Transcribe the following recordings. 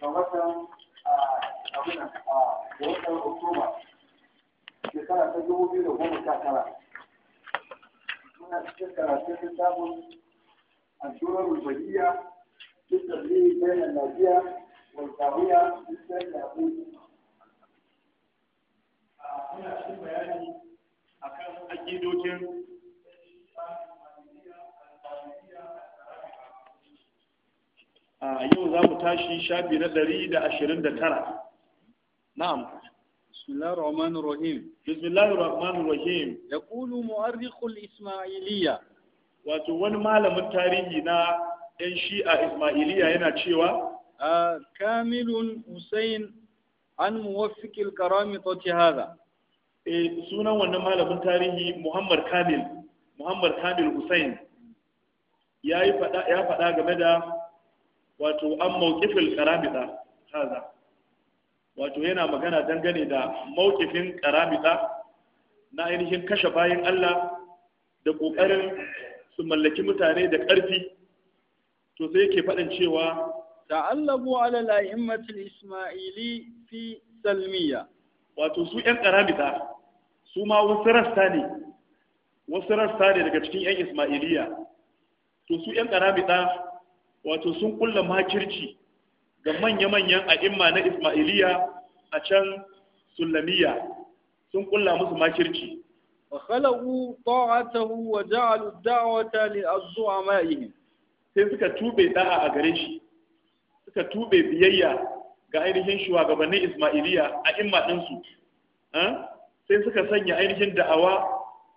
ga watan abinan a watan oktoba shekara ta dubu biyu da goma sha tara muna cikin karatun littafin ashurar rubariya cikin zai bayan lafiya walƙawiya cikin yaƙo muna cikin bayani akan akidocin a yau za mu tashi shafi na ɗari da ashirin da tara na'am Bismillah Rahman rahim Bismillah Rahman rahim yaqulu mu'arrikul isma'iliyya wato wani malamin tarihi na yan shi'a isma'iliyya yana cewa kamilun husain an muwaffiqil ce haza. eh sunan wannan malamin tarihi muhammad kamil muhammad kamil husain ya faɗa game da wato an mawqifil karamita haza wato yana magana dangane da mawqifin karamita na ainihin kashe bayan Allah da ƙoƙarin su mallaki mutane da ƙarfi to sai yake faɗin cewa ta'allabu ala la'immatul isma'ili fi salmiya wato su ƴan karamita su ma wasu rasta ne wasu rasta ne daga cikin ƴan isma'iliya to su ƴan karamita wato sun kulla makirci ga manya-manyan a'imma na Ismailiya a can sulamiya sun kulla musu makirci wa khalu ta'atahu wa ja'alu da'wata li azzu'amaihi sai suka tube da'a a gare shi suka tube biyayya ga ainihin shugabannin Ismailiya a'imma din su sai suka sanya ainihin da'awa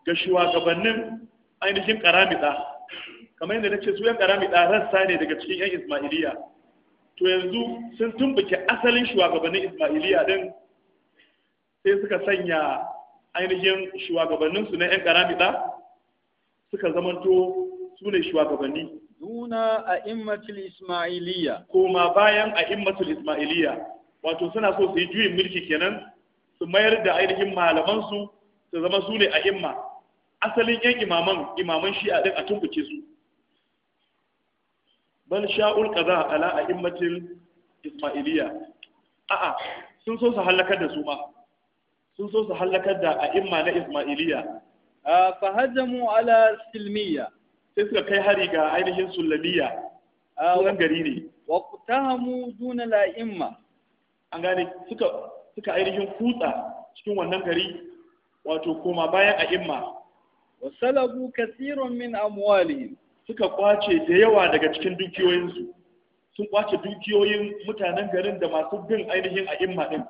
ga shugabannin ainihin karamida kamar yadda nace su yan karami rassa ne daga cikin yan Ismailiya to yanzu sun tumbuke asalin shugabannin Ismailiya din sai suka sanya ainihin shugabannin su na yan karami da suka zamanto su ne shugabanni duna a immatul Ismailiya koma bayan a immatul Ismailiya wato suna so su yi juyin mulki kenan su mayar da ainihin malaman su su zama su ne a imma asalin yan imaman imaman shi'a din a tumbuke su bal sha'ul qaza ala a'immatil ismailiyya a'a sun so su halakar da su ma sun so su halakar da a'imma na ismailiyya fa hajjamu ala silmiya. sai suka kai hari ga ainihin sullamiyya sunan gari ne wa qtahamu duna la'imma an gane suka suka ainihin kutsa cikin wannan gari wato koma bayan a'imma wa salabu kathirun min amwalihim suka kwace da yawa daga cikin dukiyoyinsu sun kwace dukiyoyin mutanen garin da masu bin ainihin a imma din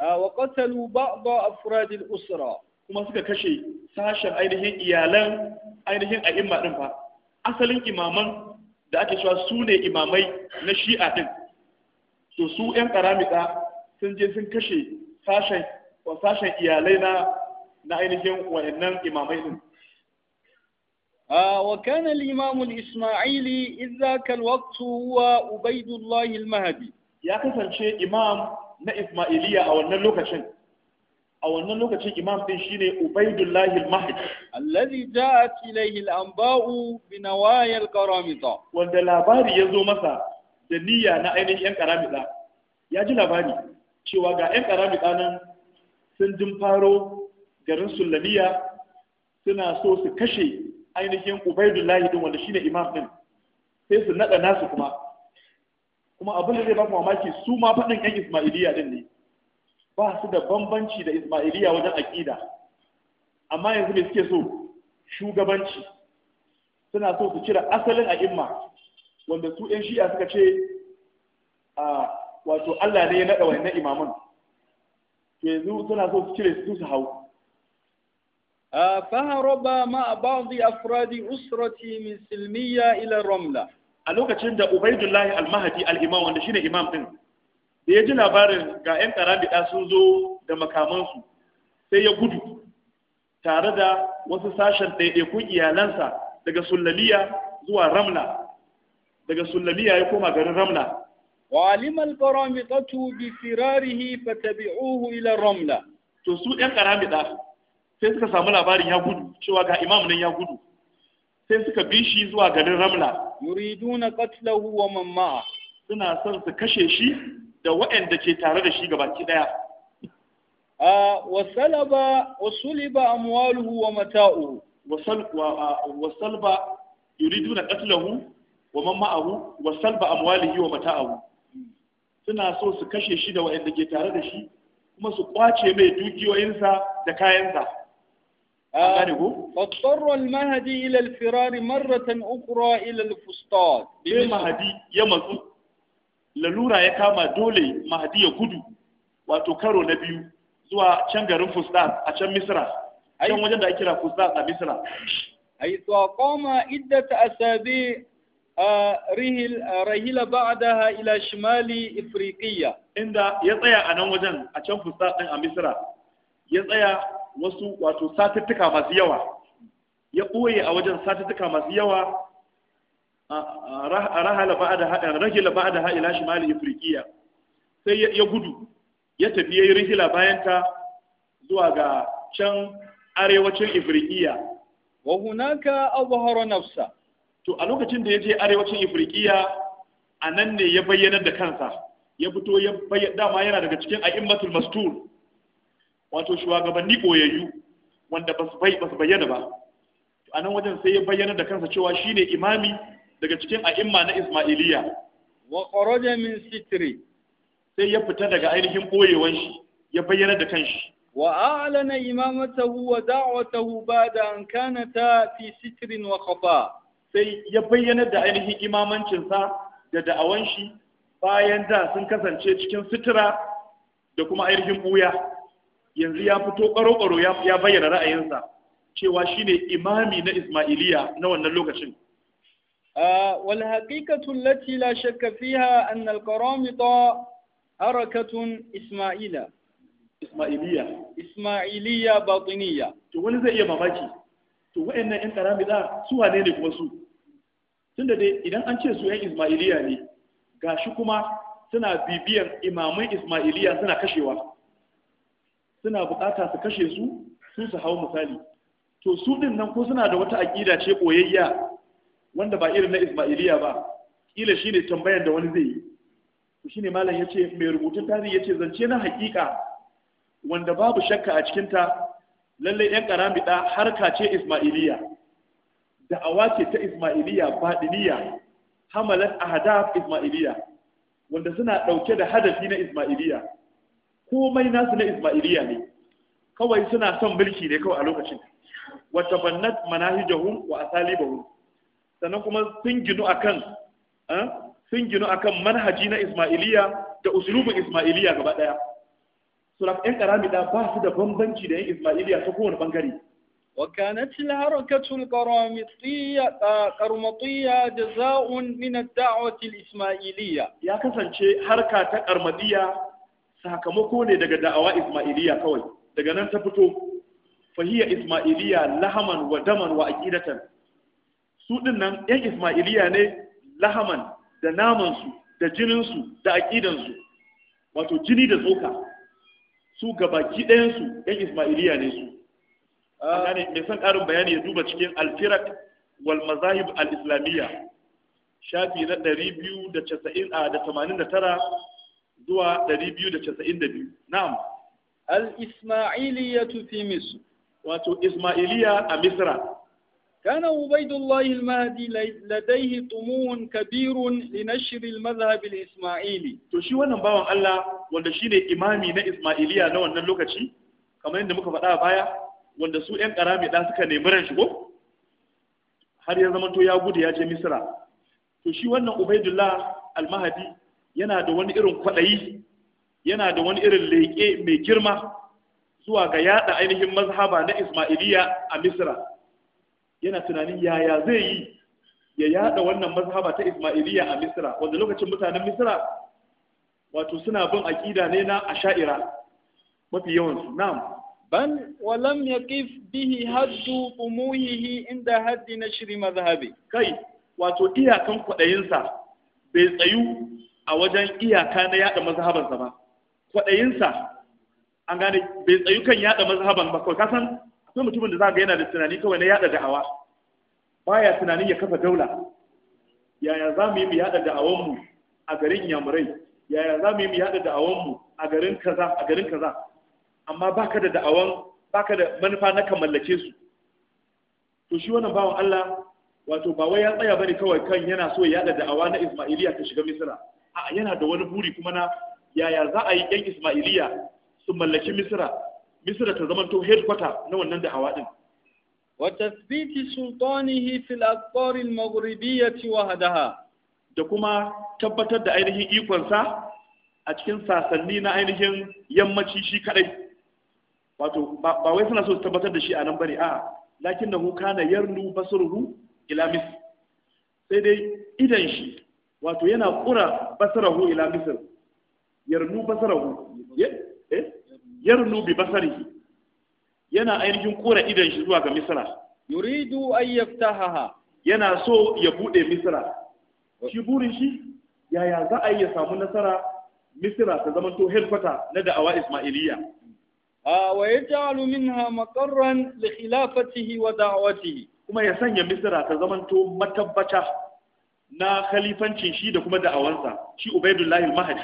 wa qatalu ba'd afrad al-usra kuma suka kashe sashen ainihin iyalan ainihin a imma din fa asalin imaman da ake cewa su ne imamai na shi'a din to su yan karamika sun je sun kashe sashen iyalai na na ainihin wayannan imamai din وكان الإمام الإسماعيلي إذ ذاك الوقت هو عبيد الله المهدي يا كسان شيء إمام na Ismailiyya a wannan lokacin a wannan lokacin imam din shine Ubaidullahi al-Mahdi allazi ja'at ilayhi al-anba'u bi nawaya al-qaramita wanda labari ya zo masa da niyya na ainihin yan karamita ya ji labari cewa ga yan karamita sun garin Sullaniya suna so su kashe ainihin ubaidullahi din wanda shine imam din sai su nada nasu kuma kuma abin da zai ba mamaki su ma faɗin yan ismailiya din ne ba su da bambanci da ismailiya wajen aƙida amma yanzu ne suke so shugabanci suna so su cire asalin a'imma wanda su yan shi'a suka ce a wato Allah ne ya nada wannan imaman to yanzu suna so su cire su su hau فهرب مع بعض أفراد أسرتي من سلمية إلى رملة a lokacin da Ubaidullahi al-Mahdi al-Imam wanda shine imam ɗin, da ya ji labarin ga 'yan karabida sun zo da makamansu sai ya gudu tare da wasu sashen ɗaiɗaikun iyalansa daga Sullaliya zuwa Ramla daga Sullaliya ya koma garin Ramla وعلم القرامطة بفراره فتبعوه إلى الرملة to su ɗan karabida sai suka samu labarin ya gudu cewa ga imam nan ya gudu sai suka bi shi zuwa garin ramla yuriduna qatlahu wa man ma suna son su kashe shi da waɗanda ke tare da shi gabaki daya wasalaba wasuliba amwaluhu wa mata'uhu wasal wasalba yuriduna qatlahu wa man ma'ahu wasalba amwalihi wa mata'ahu suna so su kashe shi da waɗanda ke tare da shi kuma su kwace mai dukiyoyinsa da kayansa آه، فاضطر المهدي إلى الفرار مرة أخرى إلى الفسطاط إيه مهدي يمزو للورا يكاما دولي مهدي يقودو وتكرو نبيو زوا شنغر فسطاط أشان مصر أشان وجد أكرا فسطاط مصر حيث أقام عدة أسابيع آه، رهل رهل بعدها إلى شمال إفريقيا عند يطيع أنا وجن أشان فسطاط مصر يطيع wasu wato satuttuka masu yawa ya ɓoye a wajen satuttuka masu yawa a rahala ba da da lashi mali, ifirkiya sai ya gudu ya tafi ya yi rihila bayan ta zuwa ga can arewacin ifirkiya wa hunaka haro nafsa to a lokacin da ya je arewacin ifirkiya a nan ne ya bayyana da kansa ya fito ya bayyana dama yana daga cikin a'immatul mastur wato shugabanni koyayyu wanda ba su bayyana ba a nan wajen sai ya bayyana da kansa cewa shine imami daga cikin a'imma na isma'iliya wa kharaja min sitri sai ya fita daga ainihin boyewan shi ya bayyana da kanshi wa a'lana imamatahu wa da'watahu ba'da an ta fi sitrin wa khafa sai ya bayyana da ainihin imamancinsa da da'awan shi bayan da sun kasance cikin sitira da kuma ainihin buya yanzu ya fito ƙaro-ƙaro ya bayyana ra'ayinsa cewa shi ne imami na Ismailiya na wannan lokacin. Wal haƙiƙatun lati la shakka fiha an alƙaramita harakatun Ismaila. Ismailiya. Ismailiya batiniya. To wani zai iya mamaki. To wa'annan ƴan karamita su wane ne kuma su? Tunda dai idan an ce su yan Ismailiya ne, gashi kuma suna bibiyan imaman Ismailiya suna kashewa. suna bukata su kashe su sun su hau misali to su din nan ko suna da wata aƙida ce koyayya wanda ba irin na ismailiya ba Kila shine ne tambayar da wani zai yi to shine malam ya ce mai rubutun tarihi yace zance na haƙiƙa wanda babu shakka a cikinta lallai yan da harka ce ismailiya da'awa ce ta ismailiya fadiliya hamalat ahdaf ismailiya wanda suna ɗauke da hadafi na ismailiya komai nasu na ismailiya ne kawai suna son mulki ne kawai a lokacin wa tabannat manahijahum wa asalibahum sannan kuma sun ginu akan sun ginu akan manhaji na ismailiya da usulubin ismailiya gaba daya so da karami da ba su da bambanci da yin ismailiya ta kowane bangare وكانت qarmatiyya القرامطية min جزاء da'wati al Isma'iliya. Ya kasance harka ta قرمطية sakamako ne daga da'awa ismailiya kawai daga nan ta fito fahiya ismailiya lahaman wa daman wa aqidatan su din nan yan ismailiya ne lahaman da naman su da jinin su da aqidan su wato jini da tsoka su gabaki ɗayan su yan ismailiya ne su gane mai son ƙarin bayani ya duba cikin al-Firaq wal mazahib al islamiyya shafi na 289 zuwa 292 na'am al-ismailiyatu fi misr wato ismailiya a misra كان عبيد الله المهدي لديه طموح كبير لنشر المذهب isma'ili to shi wannan bawan Allah wanda shine imami na Ismailiya na wannan lokaci kamar yadda muka faɗa baya wanda su ƴan karami da suka nemi ran shigo har ya zama to ya gudu ya je Misra to shi wannan Ubaidullah al-Mahdi yana da wani irin kwaɗayi yana da wani irin leƙe mai girma zuwa ga yada ainihin mazhaba na isma'iliya a Misra yana tunanin yaya zai yi ya yada wannan mazhaba ta isma'iliya a Misra wanda lokacin mutanen Misra wato suna bin aƙida ne na Asha'ira mafi yawan su na'am بل ولم يقف به حد inda Haddi na shiri mazhabi kai wato iyakan kwaɗayinsa bai tsayu a wajen iyaka na yada mazhabansa ba kwaɗayinsa an gane bai tsayu kan yada mazhaban ba kawai kasan akwai mutumin da za ga yana da tunani kawai na yada da'awa baya tunanin ya kafa daula yaya za mu yi mu yada da'awanmu a garin yamurai yaya za mu yi mu yada da'awanmu a garin kaza a garin kaza amma baka da da'awan baka da manufa na kan mallake su to shi wannan bawan Allah wato ba wai ya tsaya bane kawai kan yana so ya yada da'awa na Isma'iliya ta shiga Misra a yana da wani buri kuma na yaya za a yi yan Ismailiya su mallaki Misra Misra ta zamanto headquarter na wannan da'awa din wa tasbiti sultanihi fil aqtar al maghribiyyah wahdaha da kuma tabbatar da ainihin ikonsa a cikin sasanni na ainihin yammaci shi kadai wato ba wai suna so su tabbatar da shi a nan bane a'a lakinnahu kana yarnu basruhu ila mis sai dai idan shi wato yana kura basarahu ila misr yarnu basarahu eh? yarnu bi basarihi yana ainihin kura idan shi zuwa ga misra yuridu an yaftahaha yana so ya bude misra shi burin shi yaya za a yi ya samu nasara misra ta zama to helfata na da'awa ismailiyya wa yaj'alu minha maqarran li khilafatihi wa da'watihi kuma ya sanya misra ta zama to matabbata na khalifancin shi da kuma da'awansa shi ubaidullahi mahdi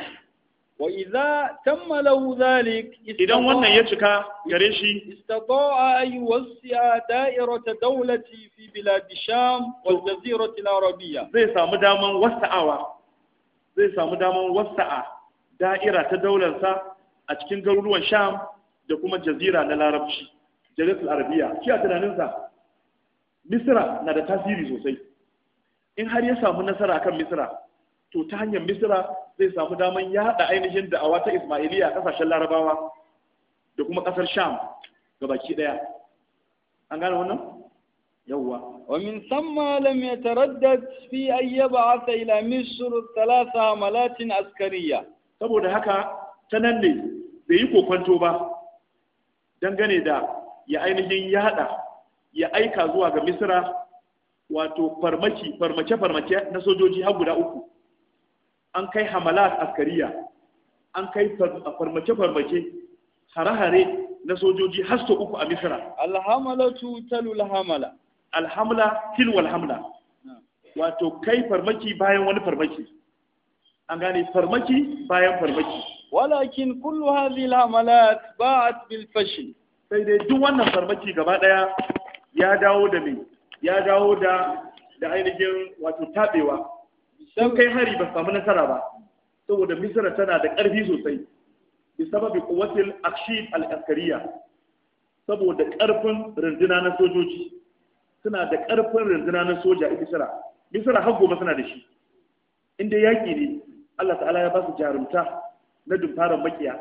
wa idza tamma lahu zalik idan wannan ya cika gare shi istata'a ay wasi'a da'irata dawlati fi bilad sham wal jazirati al-arabiyya zai samu daman wasa'awa zai samu daman wasa'a da'ira ta daularsa a cikin garuruwan sham da kuma jazira na larabci jaziratul Arabiyya. shi a tunaninsa misra na da tasiri sosai in har ya samu nasara kan Misira, to ta hanyar Misira zai samu daman ya haɗa ainihin da'awa ta ismailiya kasashen larabawa da kuma ƙasar sham ga baki daya an gane wannan yawwa wa min samma lam yataraddad fi ay yab'atha ila misr thalatha malatin askariya saboda haka ta ne bai yi kokwanto ba dangane da ya ainihin ya haɗa ya aika zuwa ga Misira. wato farmaki farmace farmace na sojoji har guda uku an kai hamalat askariya an kai farmace farmace hare-hare na sojoji har sau uku a misira alhamalatu talul hamala alhamla tilwal hamla wato kai farmaki bayan wani farmaki an gane farmaki bayan farmaki walakin kullu hadhihi alhamalat ba'at bil fashl sai dai duk wannan farmaki gaba daya ya dawo da mai ya dawo da da ainihin wato tabewa sun kai hari ba samu nasara ba saboda misra tana da ƙarfi sosai bisababi quwwatil akshid al-askariya saboda ƙarfin runduna na sojoji suna da ƙarfin runduna na soja a misra misra har gobe suna da shi inda yaƙi ne Allah ta'ala ya ba su jarumta na dumfarar makiya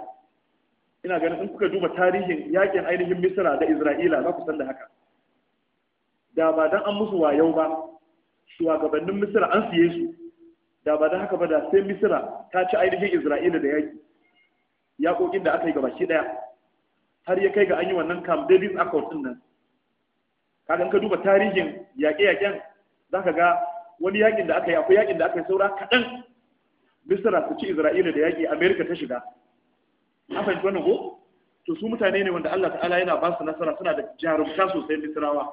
ina ganin in kuka duba tarihin yaƙin ainihin misra da isra'ila za ku san da haka da ba dan an musu wayo ba shugabannin misira an siye su da ba dan haka ba da sai misira ta ci ainihin isra'ila da yaki yaƙoƙin da aka yi gabashi ɗaya har ya kai ga an yi wannan camp david accord din nan kaga ka duba tarihin yaƙe-yaƙen za ka ga wani yaƙin da aka yi akwai yaƙin da aka yi saura kaɗan misira su ci isra'ila da yaƙi amerika ta shiga Haka fahimci wannan ko to su mutane ne wanda allah ta'ala yana ba su nasara suna da jarumta sosai misirawa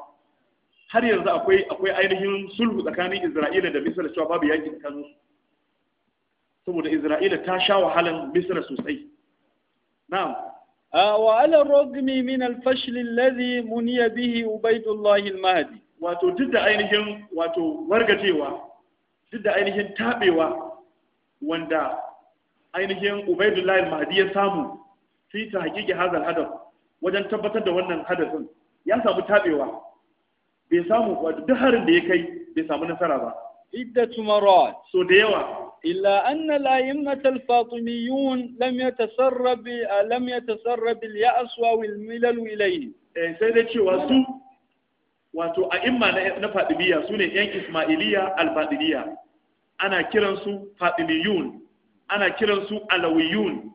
har yanzu akwai akwai ainihin sulhu tsakanin Isra'ila da Misra cewa babu yaki tsakanin su saboda Isra'ila ta sha wahalan Misra sosai na'am wa ala rogmi min al-fashl alladhi muniya bihi Ubaydullah al-Mahdi wato duk da ainihin wato wargajewa duk da ainihin tabewa wanda ainihin Ubaydullah al-Mahdi ya samu fi ta hakiki al-hadaf wajen tabbatar da wannan hadafin ya samu tabewa bai samu duk harin da ya kai bai samu nasara ba Idda marat so da yawa illa anna la yimmat al-fatimiyun lam yatasarrab lam yatasarrab al-ya'as wa al-milal ilayhi eh, sai da cewa su wato imma na na fatimiyya sune yan ismailiyya al-fatimiyya ana kiran su fatimiyun ana kiran su alawiyun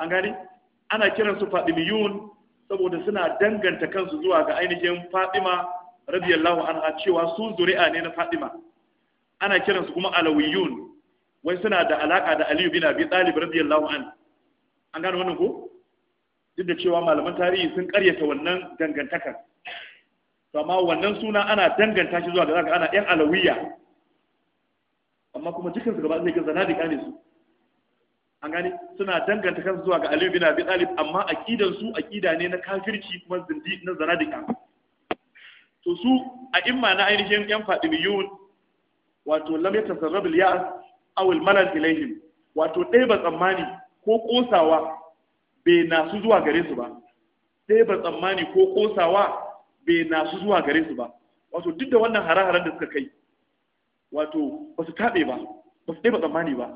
an gani ana kiran su fatimiyun saboda suna danganta kansu zuwa ga ainihin fatima radiyallahu anha cewa su zuri'a ne na Fatima ana kiransu kuma alawiyun wai suna da alaka da Aliyu bin Abi Talib radiyallahu an an gane wannan ko duk da cewa malaman tarihi sun karyata wannan dangantaka to amma wannan suna ana danganta shi zuwa ga zaka ana yan alawiya amma kuma dukkan su gaba ɗaya ga zanadika ne su an gane suna danganta kansu zuwa ga Aliyu bin Abi Talib amma aqidan su aqida ne na kafirci kuma zindi na zanadika to su a imma na ainihin yan fadiliyun wato lam yatasarrabu al-ya'as aw al-malal ilayhim wato dai ba tsammani ko kosawa bai nasu zuwa gare su ba dai ba tsammani ko kosawa bai su zuwa gare su ba wato duk da wannan hare-haren da suka kai wato ba su taɓe ba ba su ɗaya tsammani ba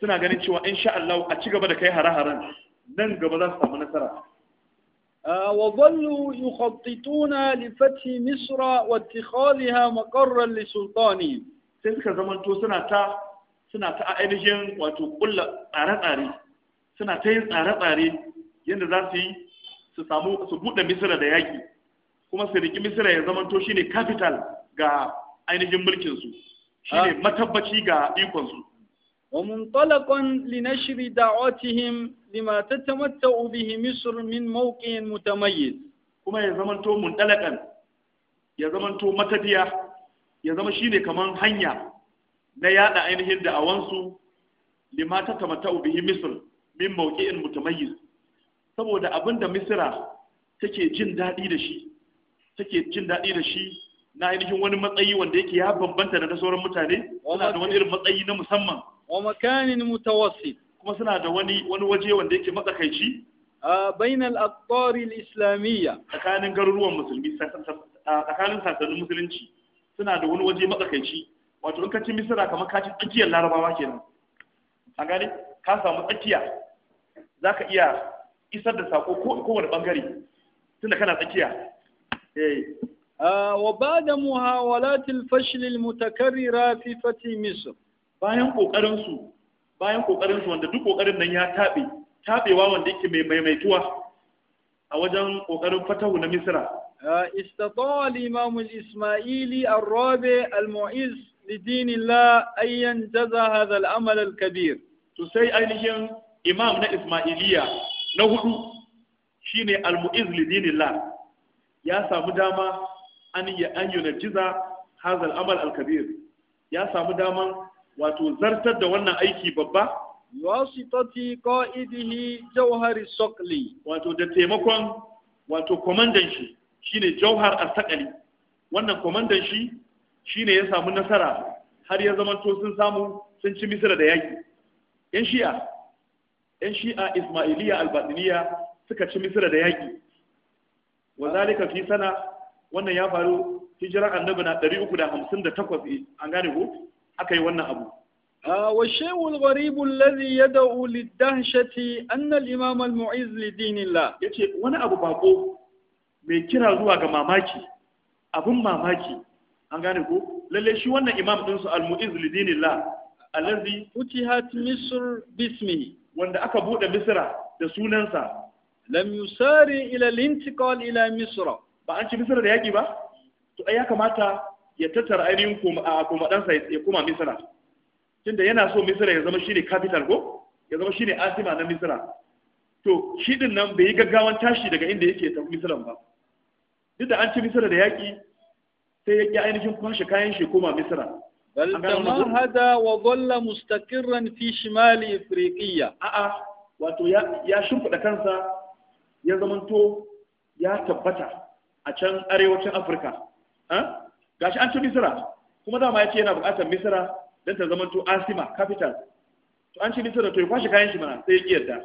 suna ganin cewa in sha Allah a ci gaba da kai hare-haren nan gaba za su samu nasara وظلوا يخططون لفتح مصر واتخاذها مقرا لسلطانهم sai suka zamanto suna ta suna ta ainihin wato kulla tsare-tsare suna ta yin tsare-tsare yadda za su yi su samu su buɗe misira da yaƙi kuma su riki misira ya zamanto shine capital ga ainihin mulkin mulkinsu shine matabbaci ga su. wa mun muntalaqan li nashri da'atihim لما تتمتع به مصر من موقع متميز kuma ya zamanto muntalakan ya zamanto matafiya ya zama shine kaman hanya na yaɗa ainihin da'awansu lima ta tamata'u bihi misr min mawqi'in mutamayyiz saboda abinda misra take jin daɗi da shi تكي jin daɗi da shi na ainihin wani matsayi wanda yake ya bambanta da sauran mutane wani irin matsayi na musamman wa makanin mutawassit kuma suna da wani wani waje wanda yake matsakaici bayan al-aqtar al-islamiyya tsakanin garuruwan musulmi tsakanin sasannin musulunci suna da wani waje matsakaici wato in ka ci misira kamar ka ci tsakiyar larabawa kenan a gani ka samu tsakiya za ka iya isar da sako kowane bangare tunda kana tsakiya eh. wa ba da muhawalatil fashilil mutakarrira fi fati misir bayan kokarin su bayan kokarin su wanda duk kokarin nan ya tabe tabewa wanda yake mai maimaituwa a wajen kokarin fatahu na misra istata al al-isma'ili ar-rabi al-mu'iz lidin Allah hadha al-amal al-kabir to sai ainihin imam na isma'iliya na hudu shine al-mu'iz lidin ya samu dama an yi an jiza hadha al-amal al-kabir ya samu daman wato zartar da wannan aiki babba wasitati qa'idihi jawhari sokli wato da taimakon wato komandan shi shine jawhar asqali wannan komandan shi shine ya samu nasara har ya zamanto sun samu sun ci misira da yaki yan shi'a yan shi'a ismailiya albatiniya suka ci misira da yaki wa zalika fi sana wannan ya faru hijira annabi na 358 eh, an gane ko aka yi wannan abu washe والشيء ya الذي يدعو shati annal الإمام المعز لدين Ya ce wani abu bako mai kira zuwa ga mamaki abin mamaki an gane ko lalle shi wannan imam din su al-mu'izz lidinillah allazi futihat misr bismihi wanda aka buɗe Misira da sunansa lam yusari ila al-intiqal ila misra ba an ci misra da yaƙi ba to ai ya kamata ya tattara ainihin komadansa ya koma misira tunda yana so misira ya zama shi ne capital ko ya zama shi ne asima na misira to shi din nan bai yi gaggawan tashi daga inda yake tafi Misira ba duk da an ci misira da yaƙi sai ya ƙi ainihin kwanshi kayan shi koma misira bal hada wa dhalla mustaqirran fi shimali a'a wato ya ya kansa ya zamanto ya tabbata a can arewacin afirka gashi an ci misira kuma dama ya ce yana buƙatar misira don ta zamanto asima capital to an ci misira to ya kwashe kayan shi mana sai ya ƙi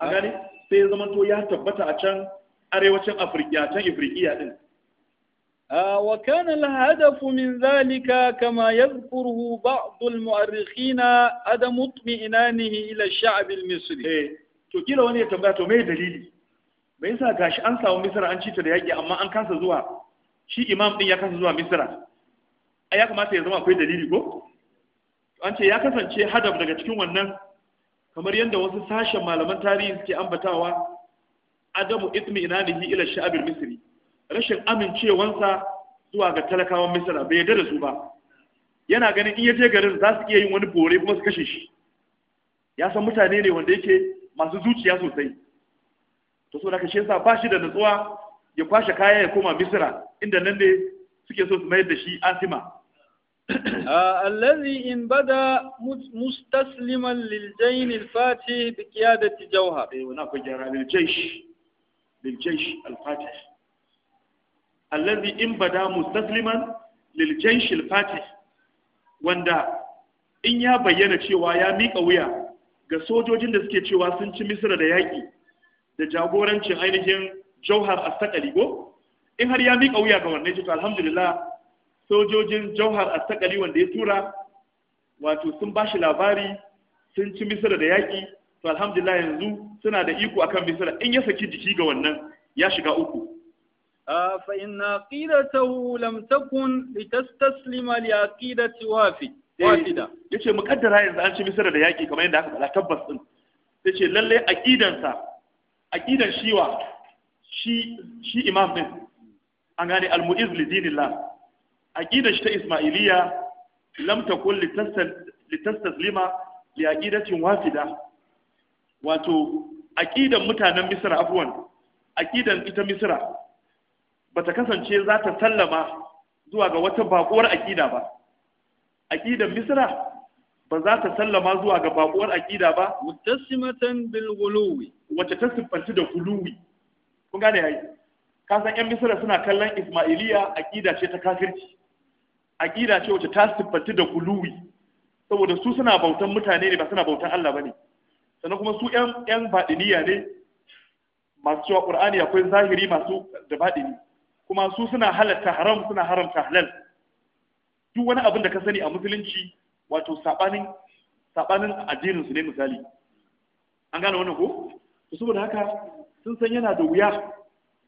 a gani sai ya zamanto ya tabbata a can arewacin afirka can ifriqiya din وكان الهدف من ذلك كما يذكره بعض المؤرخين عدم اطمئنانه الى الشعب المصري to kila wani ya tambaya to me dalili me yasa gashi an samu misra an ci ta da yaki amma an kansa zuwa shi imam din ya kasa zuwa Misira. a ya kamata ya zama akwai dalili ko an ce ya kasance hadaf daga cikin wannan kamar yadda wasu sashen malaman tarihi suke ambatawa adamu itmi inanihi ila Sha'abin, Misiri. rashin amincewansa zuwa ga talakawan Misira bai yarda da su ba yana ganin in ya je garin za su iya yin wani bore kuma su kashe shi ya san mutane ne wanda yake masu zuciya sosai to so da kashe sa ba shi da nutsuwa ya kwashe kaya ya koma misira inda nan ne suke so su mayar da shi asima ah, allazi in bada mustasliman lil jayn al fatih bi qiyadati jawhar eh wana ko gyara lil jaysh lil jaysh al fatih allazi in bada mustasliman lil jaysh al fatih wanda in ya bayyana cewa ya mika wuya ga sojojin da suke cewa sun ci misira da yaki da jagorancin ainihin jauhar astakali ko in har ya miƙa wuya ga wannan to alhamdulillah sojojin jauhar astakali wanda ya tura wato sun ba shi labari sun ci misira da yaƙi to alhamdulillah yanzu suna da iko akan misira in ya saki jiki ga wannan ya shiga uku fa inna qidatahu lam takun litastaslima li aqidati wafi eh, wafida yace muqaddara yanzu an ci misira da yaƙi kamar yadda aka faɗa tabbas din yace lalle aqidansa aqidan shiwa shi imam din an gane al muiz li dinillah aqida shi ta ismailiya lam takun li tastaslima li aqidatin wafida wato aqidan mutanen misra afwan aqidan ita misra bata kasance za ta sallama zuwa ga wata bakuwar aqida ba aqidan misra ba za ta sallama zuwa ga bakuwar aqida ba mutasimatan bil guluwi wata ta siffanci da guluwi kun gane yayi ka san yan misra suna kallon ismailiya aqida ce ta kafirci aqida ce wacce ta siffanti da guluwi saboda su suna bautan mutane ne ba suna bautan Allah bane sannan kuma su yan yan badiniya ne masu cewa qur'ani akwai zahiri masu da badini kuma su suna halatta haram suna haramta halal duk wani abin da ka sani a musulunci wato sabanin sabanin addinin su ne misali an gane wannan ko to saboda haka sun san yana da wuya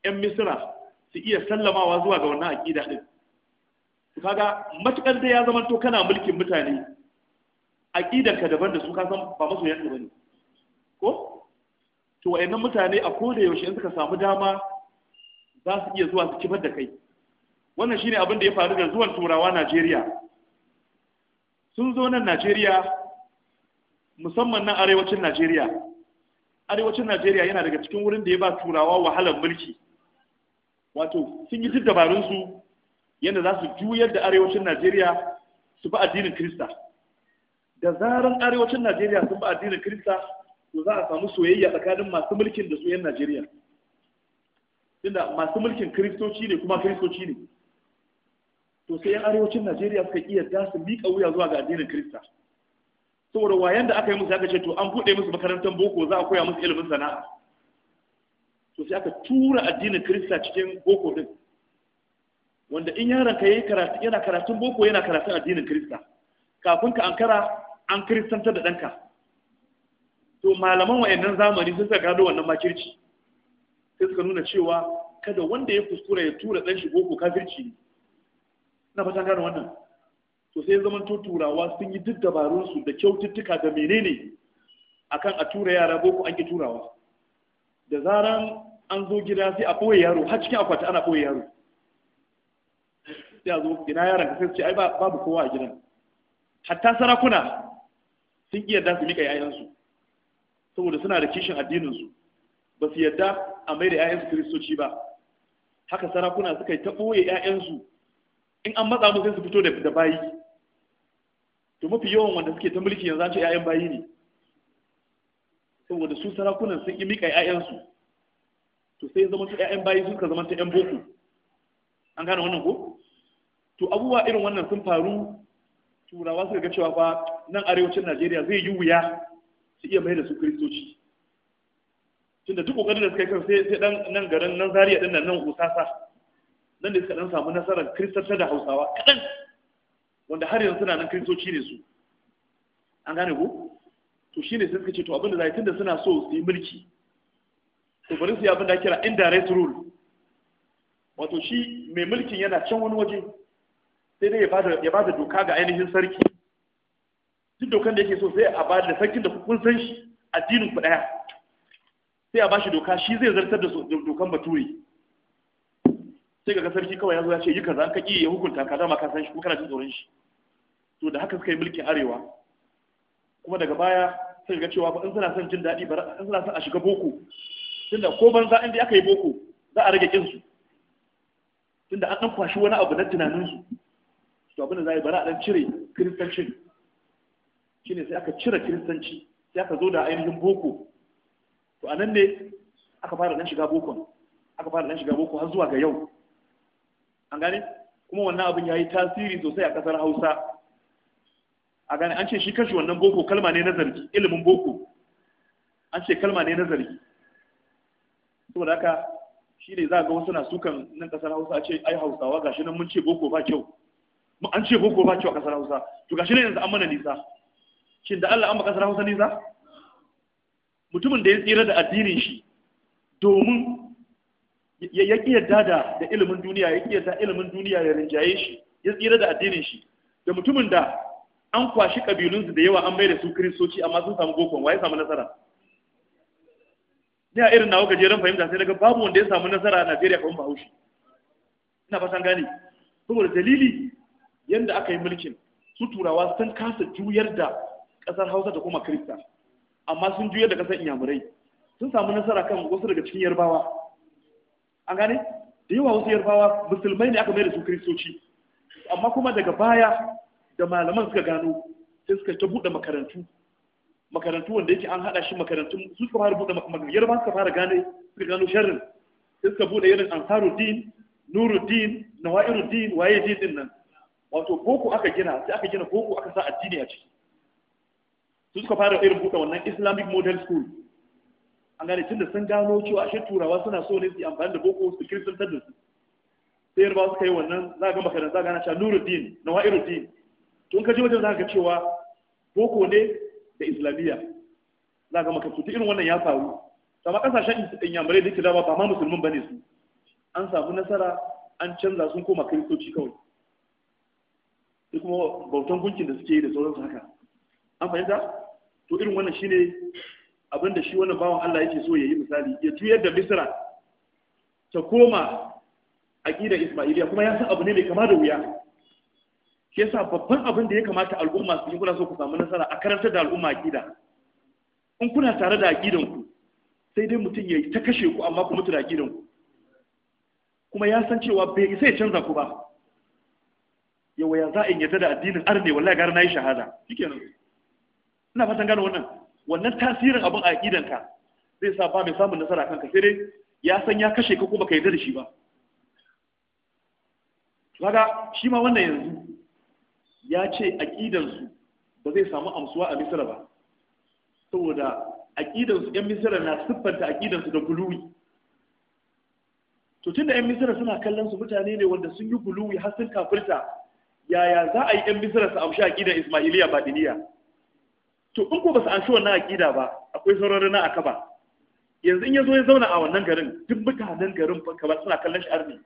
'yan misira su iya sallamawa zuwa ga wannan aƙida ɗin kaga matuƙar da ya zama to kana mulkin mutane ka daban da su ka san ba masu ba bane ko to wayannan mutane a koda yaushe in suka samu dama za su iya zuwa su kifar da kai wannan shine abin da ya faru da zuwan turawa Najeriya sun zo nan Najeriya musamman nan arewacin Najeriya arewacin najeriya yana daga cikin wurin da ya ba turawa wahalar mulki wato sun yi duk dabarunsu yadda za su juyar da arewacin najeriya su bi addinin krista da zaran arewacin najeriya sun bi addinin krista to za a samu soyayya tsakanin masu mulkin da su najeriya tunda masu mulkin kristoci ne kuma kristoci ne to sai arewacin najeriya suka iya da su miƙa wuya zuwa ga addinin krista saboda wayan da aka yi musu aka ce to an buɗe musu makarantar boko za a koya musu ilimin sana'a to sai aka tura addinin krista cikin boko din wanda in yaron ka karatu, yana karatun boko yana karatun addinin krista. kafin ka ankara an kristanta da danka. to malaman wayannan zamani sun saka gado wannan makirci sai suka nuna cewa kada wanda ya kuskura ya tura ɗan shi boko kafirci ne na fatan gano wannan to sai zaman to turawa sun yi duk dabarun su da kyaututtuka da menene akan a tura yara boko an ki turawa da zaran an zo gida sai a ɓoye yaro har cikin akwati ana ɓoye yaro sai a zo ina yaron ka sai ce ai babu kowa a gidan hatta sarakuna sun iya da su mika yayansu saboda suna da kishin addininsu ba su yadda a mai da yayansu kiristoci ba haka sarakuna suka yi ta 'ya'yan su in an matsa mu sai su fito da bayi to mafi yawan wanda suke ta mulki yanzu an ce 'ya'yan bayi ne saboda su sarakunan sun yi mika 'ya'yansu to sai zama su 'ya'yan bayi ka zama ta 'yan boko an gane wannan ko to abubuwa irin wannan sun faru turawa suka ga cewa fa nan arewacin najeriya zai yi wuya su iya mai da su kiristoci tunda duk kokarin da suka kan sai sai dan nan garin nan zariya din nan nan usasa nan da suka dan samu nasarar kristantar da hausawa kadan wanda har yanzu suna nan kristoci ne su an gane ku to shine sai suka ce to abinda zai tunda suna so su yi mulki to bari su yi abinda kira indirect rule wato shi mai mulkin yana can wani waje sai dai ya bada doka ga ainihin sarki duk dokan da yake so sai a bada sarkin da kun san shi addinin ku daya sai a bashi doka shi zai zartar da dokan baturi. sai ga sarki kawai ya zo ya ce yi kaza ka ki ya hukunta ka dama ka san shi kuma kana jin tsoron shi to da haka suka yi mulkin arewa kuma daga baya sai ga cewa in suna son jin daɗi in suna son a shiga boko tunda ko banza inda aka yi boko za a rage kin su tunda an dan kwashi wani abu na tunanin su to abin da zai a bara a dan cire kiristancin shine sai aka cire kiristanci sai aka zo da ainihin boko to anan ne aka fara dan shiga bokon aka fara dan shiga boko har zuwa ga yau an gane kuma wannan abin ya yi tasiri sosai a ƙasar hausa a gane an ce shi kashi wannan boko kalma ne na zargi ilimin boko an ce kalma ne na zargi saboda haka shi ne za ga wasu na sukan nan ƙasar hausa a ce ai hausawa gashi nan mun ce boko ba kyau an ce boko ba kyau a ƙasar hausa to gashi ne yanzu an mana nisa shin da Allah an ba ƙasar hausa nisa mutumin da ya tsira da addinin shi domin ya yadda da da ilimin duniya ya yadda ilimin duniya ya rinjaye shi ya tsira da addinin shi da mutumin da an kwashi kabilunsu da yawa an bai da su kiristoci amma sun samu gokon waye samu nasara ya a irin nawa gajeren fahimta sai daga babu wanda ya samu nasara a Najeriya kawai Bahaushe ina fatan gane saboda dalili yadda aka yi mulkin su turawa sun kasa juyar da ƙasar Hausa da kuma Kirista amma sun juyar da ƙasar Inyamurai sun samu nasara kan wasu daga cikin Yarbawa an gane da yawa wasu yarbawa musulmai ne aka mai da su kiristoci amma kuma daga baya da malaman suka gano sai suka ta buɗe makarantu makarantu wanda yake an haɗa shi makarantu su suka fara buɗe makarantu yarba suka fara gane suka gano sharrin sai suka buɗe irin ansaruddin nuruddin nawairuddin waye din din nan wato boko aka gina sai aka gina boko aka sa addini a ciki su suka fara irin buɗe wannan islamic model school an gane da sun gano cewa ashe turawa suna so ne su amfani da boko su kiristantar da su sai yarbawa suka yi wannan za ga makaranta za gana cewa nuruddin na wa'iruddin tun ka je wajen za ga cewa boko ne da islamiyya za ga su irin wannan ya faru amma kasashen inyamurai da ke dama ba ma musulmin bane su an samu nasara an canza sun koma kiristoci kawai sai kuma bautan gunkin da suke yi da sauransu haka an fahimta to irin wannan shine abinda shi wannan bawan Allah yake so ya yi misali ya juyar da Misira ta koma a ƙira ismailiya kuma ya san abu ne mai kama da wuya shi yasa babban abin da ya kamata al'umma su yi kuna so ku samu nasara a karantar da al'umma a aqida in kuna tare da aqidan ku sai dai mutum ya ta kashe ku amma ku mutu da aqidan ku kuma ya san cewa bai isa ya canza ku ba yawa ya za a yadda da addinin arne wallahi gara na yi shahada shikenan ina fatan gane wannan wannan tasirin abin a ƙidanka zai sa ba mai samun nasara kanka sai dai ya san ya kashe ka ko baka yarda da shi ba kaga shi ma wannan yanzu ya ce aqidansu ba zai samu amsuwa a misira ba saboda aqidansu yan misira na siffanta aqidansu da guluwi to tunda yan misira suna kallon su mutane ne wanda sun yi guluwi har sun kafirta yaya za a yi 'yan misira su amshi aqidan Ismailiya ba Badiniya to in ko ba su an shi wannan aƙida ba akwai sauran na aka ba yanzu in ya zo ya zauna a wannan garin duk mutanen garin ba suna kallon shi arni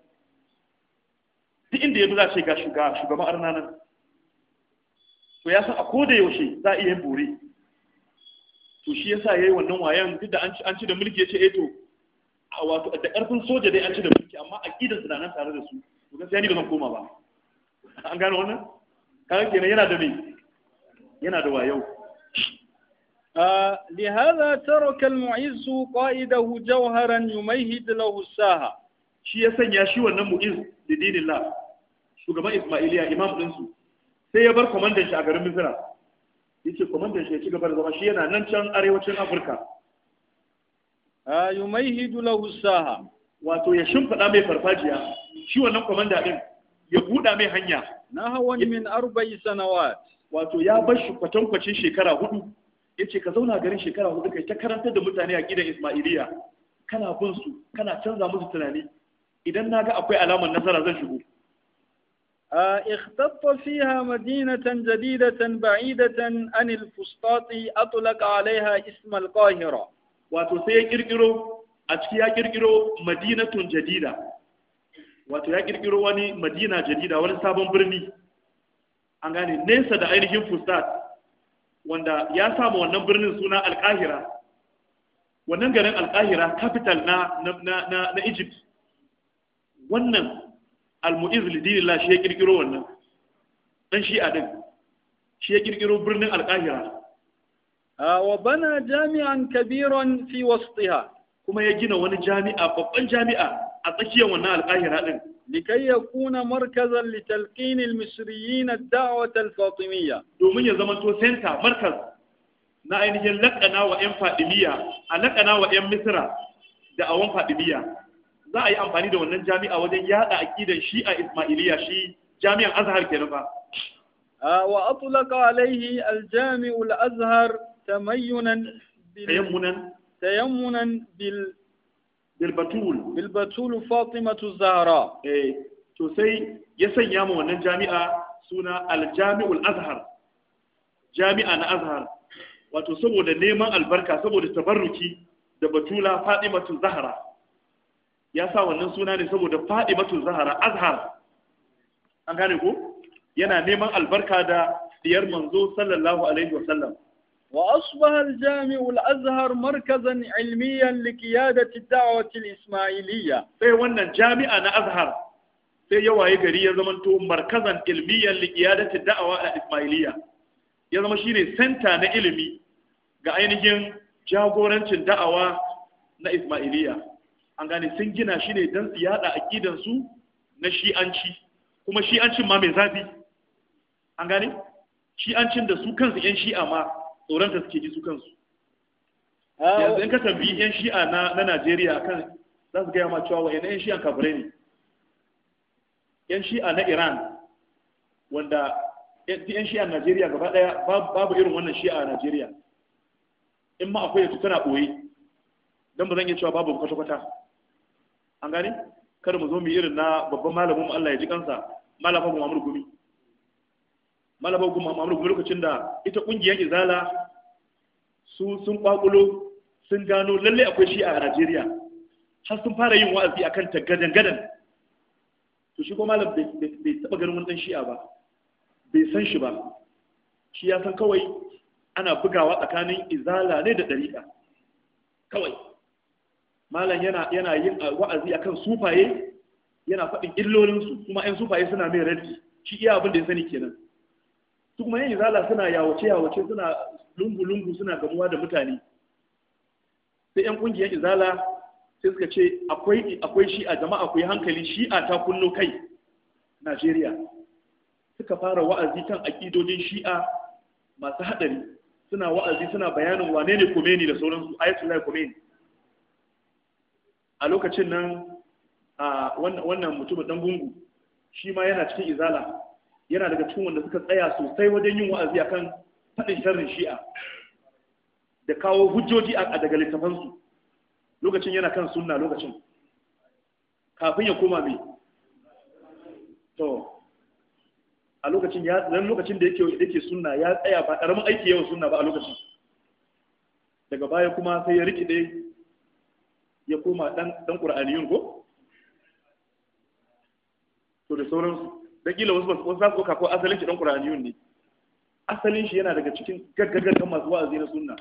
duk inda ya bi za ce ga shugaban arna nan to ya san a da yaushe za a iya yin bore to shi yasa yayi wannan wayan duk da an ci da mulki ya ce eh to a wato da karfin soja dai an ci da mulki amma aqidan su na nan tare da su to sai ni ba zan koma ba an gano wannan kaga kenan yana da me yana da wayo لهذا ترك المعز قائده جوهرا يميهد له الساحه shi ya sanya shi wannan mu'iz da dinin la shugaban ismailiya imam su sai ya bar kwamandan shi a garin misira ya ce kwamandan shi ya ci da zama shi yana nan can arewacin afirka a yi lahu saha wato ya shimfada mai farfajiya shi wannan kwamanda din ya buɗa mai hanya na hawan min arba'i sanawat wato ya bar shi kwatankwacin shekara hudu ya ce ka zauna garin shekara hudu kai ta karantar da mutane a gidan ismailiya kana bin su kana canza musu tunani idan na ga akwai alamar nasara zan shigo اختط فيها مدينة جديدة بعيدة عن الفسطاط أطلق عليها اسم القاهرة ciki ya أتكي كركرو مدينة جديدة ya كركرو wani مدينة جديدة wani sabon برني an gane nesa da ainihin fustat wanda ya samu wannan birnin suna alkahira wannan garin alkahira capital na na na, egypt wannan almu'iz lidinillah shi ya kirkiro wannan dan shi a din shi ya kirkiro birnin alkahira ah, wa bana jami'an kabiran fi wasṭiha kuma ya gina wani jami'a babban jami'a a tsakiyar wannan alƙahira din likai ya kuna markazan litalqin almisriyin ad-da'wat al-fatimiyya domin ya zama to center markaz na ainihin laƙana wa 'yan fadiliya a laƙana wa ƴan misra da awon fadiliya za a yi amfani da wannan jami'a wajen yada shi a ismailiya shi jami'an azhar kenan fa wa atlaqa alaihi al-jami'u al-azhar tamayyunan tayammunan tayammunan bil bilbatul bilbatul fatimatu zahra eh to sai ya sanya mu wannan jami'a suna aljami'ul azhar jami'a na azhar wato saboda neman albarka saboda tabarruki da batula fatimatu zahra ya sa wannan suna ne saboda fatimatu zahra azhar an gane ko yana neman albarka da diyar manzo sallallahu alaihi wasallam وأصبح الجامع الأزهر مركزا علميا لقيادة الدعوة الإسماعيلية sai wannan jami'a na Azhar sai ya waye gari ya zama to markazan ilmiyan liqiyadati da'awa al-Ismailiyya ya zama shine senta na ilimi ga ainihin jagorancin da'awa na Ismailiyya an sun gina shi ne don su yada aqidan na shi'anci kuma shi'ancin ma mai zafi an shi'ancin da su kansu yan shi'a ma tsoron suke ji su kansu ah, oh. yanzu in ka tambayi yan shi'a na Najeriya kan za su gaya ma cewa wa'ina yan shi'an kafirai ne yan shi'a na Iran wanda yan shi'a Najeriya gaba daya babu irin wannan shi'a a Najeriya in ma akwai yanzu tana ɓoye don ba zan iya cewa babu kwata-kwata an gani kada mu zo mu irin na babban malamin Allah ya ji kansa mu Muhammadu Gumi malabar kuma ma'amuru kuma lokacin da ita kungiyar izala su sun kwakulo sun gano lalle akwai shi a Najeriya har sun fara yin wa'azi a ta tagadangadan to shi kuma malam bai taba ganin wani dan shi'a ba bai san shi ba shi ya san kawai ana bugawa tsakanin izala ne da dariƙa kawai malam yana yana yin wa'azi akan sufaye yana faɗin illolinsu kuma 'yan sufaye suna mai raddi shi iya abin da ya sani kenan su kuma yin izala suna yawace yawace suna lungu lungu suna gamuwa da mutane sai yan kungiyar izala sai suka ce akwai shi a jama'a ku yi hankali shi'a ta kunno kai Najeriya suka fara wa'azi kan akidodin shi'a masu hadari suna wa'azi suna bayanin wane ne kome komeni da sauransu kome ni. a lokacin nan a wannan mutumin dan gungu shi ma yana cikin izala yana daga cikin wanda suka tsaya sosai wajen yin wa'azi akan faɗin sharrin shi'a da kawo hujjoji a daga littafansu lokacin yana kan sunna lokacin kafin ya koma mai to a lokacin ya dan lokacin da yake yake sunna ya tsaya ba karamin aiki yawan sunna ba a lokacin daga baya kuma sai ya rikide ya koma dan dan qur'aniyun ko to da sauransu da kila wasu wasu za su ɗauka ko asalin shi ɗan ƙur'aniyun ne asalin shi yana daga cikin gaggagaggan masu wa'azi na sunna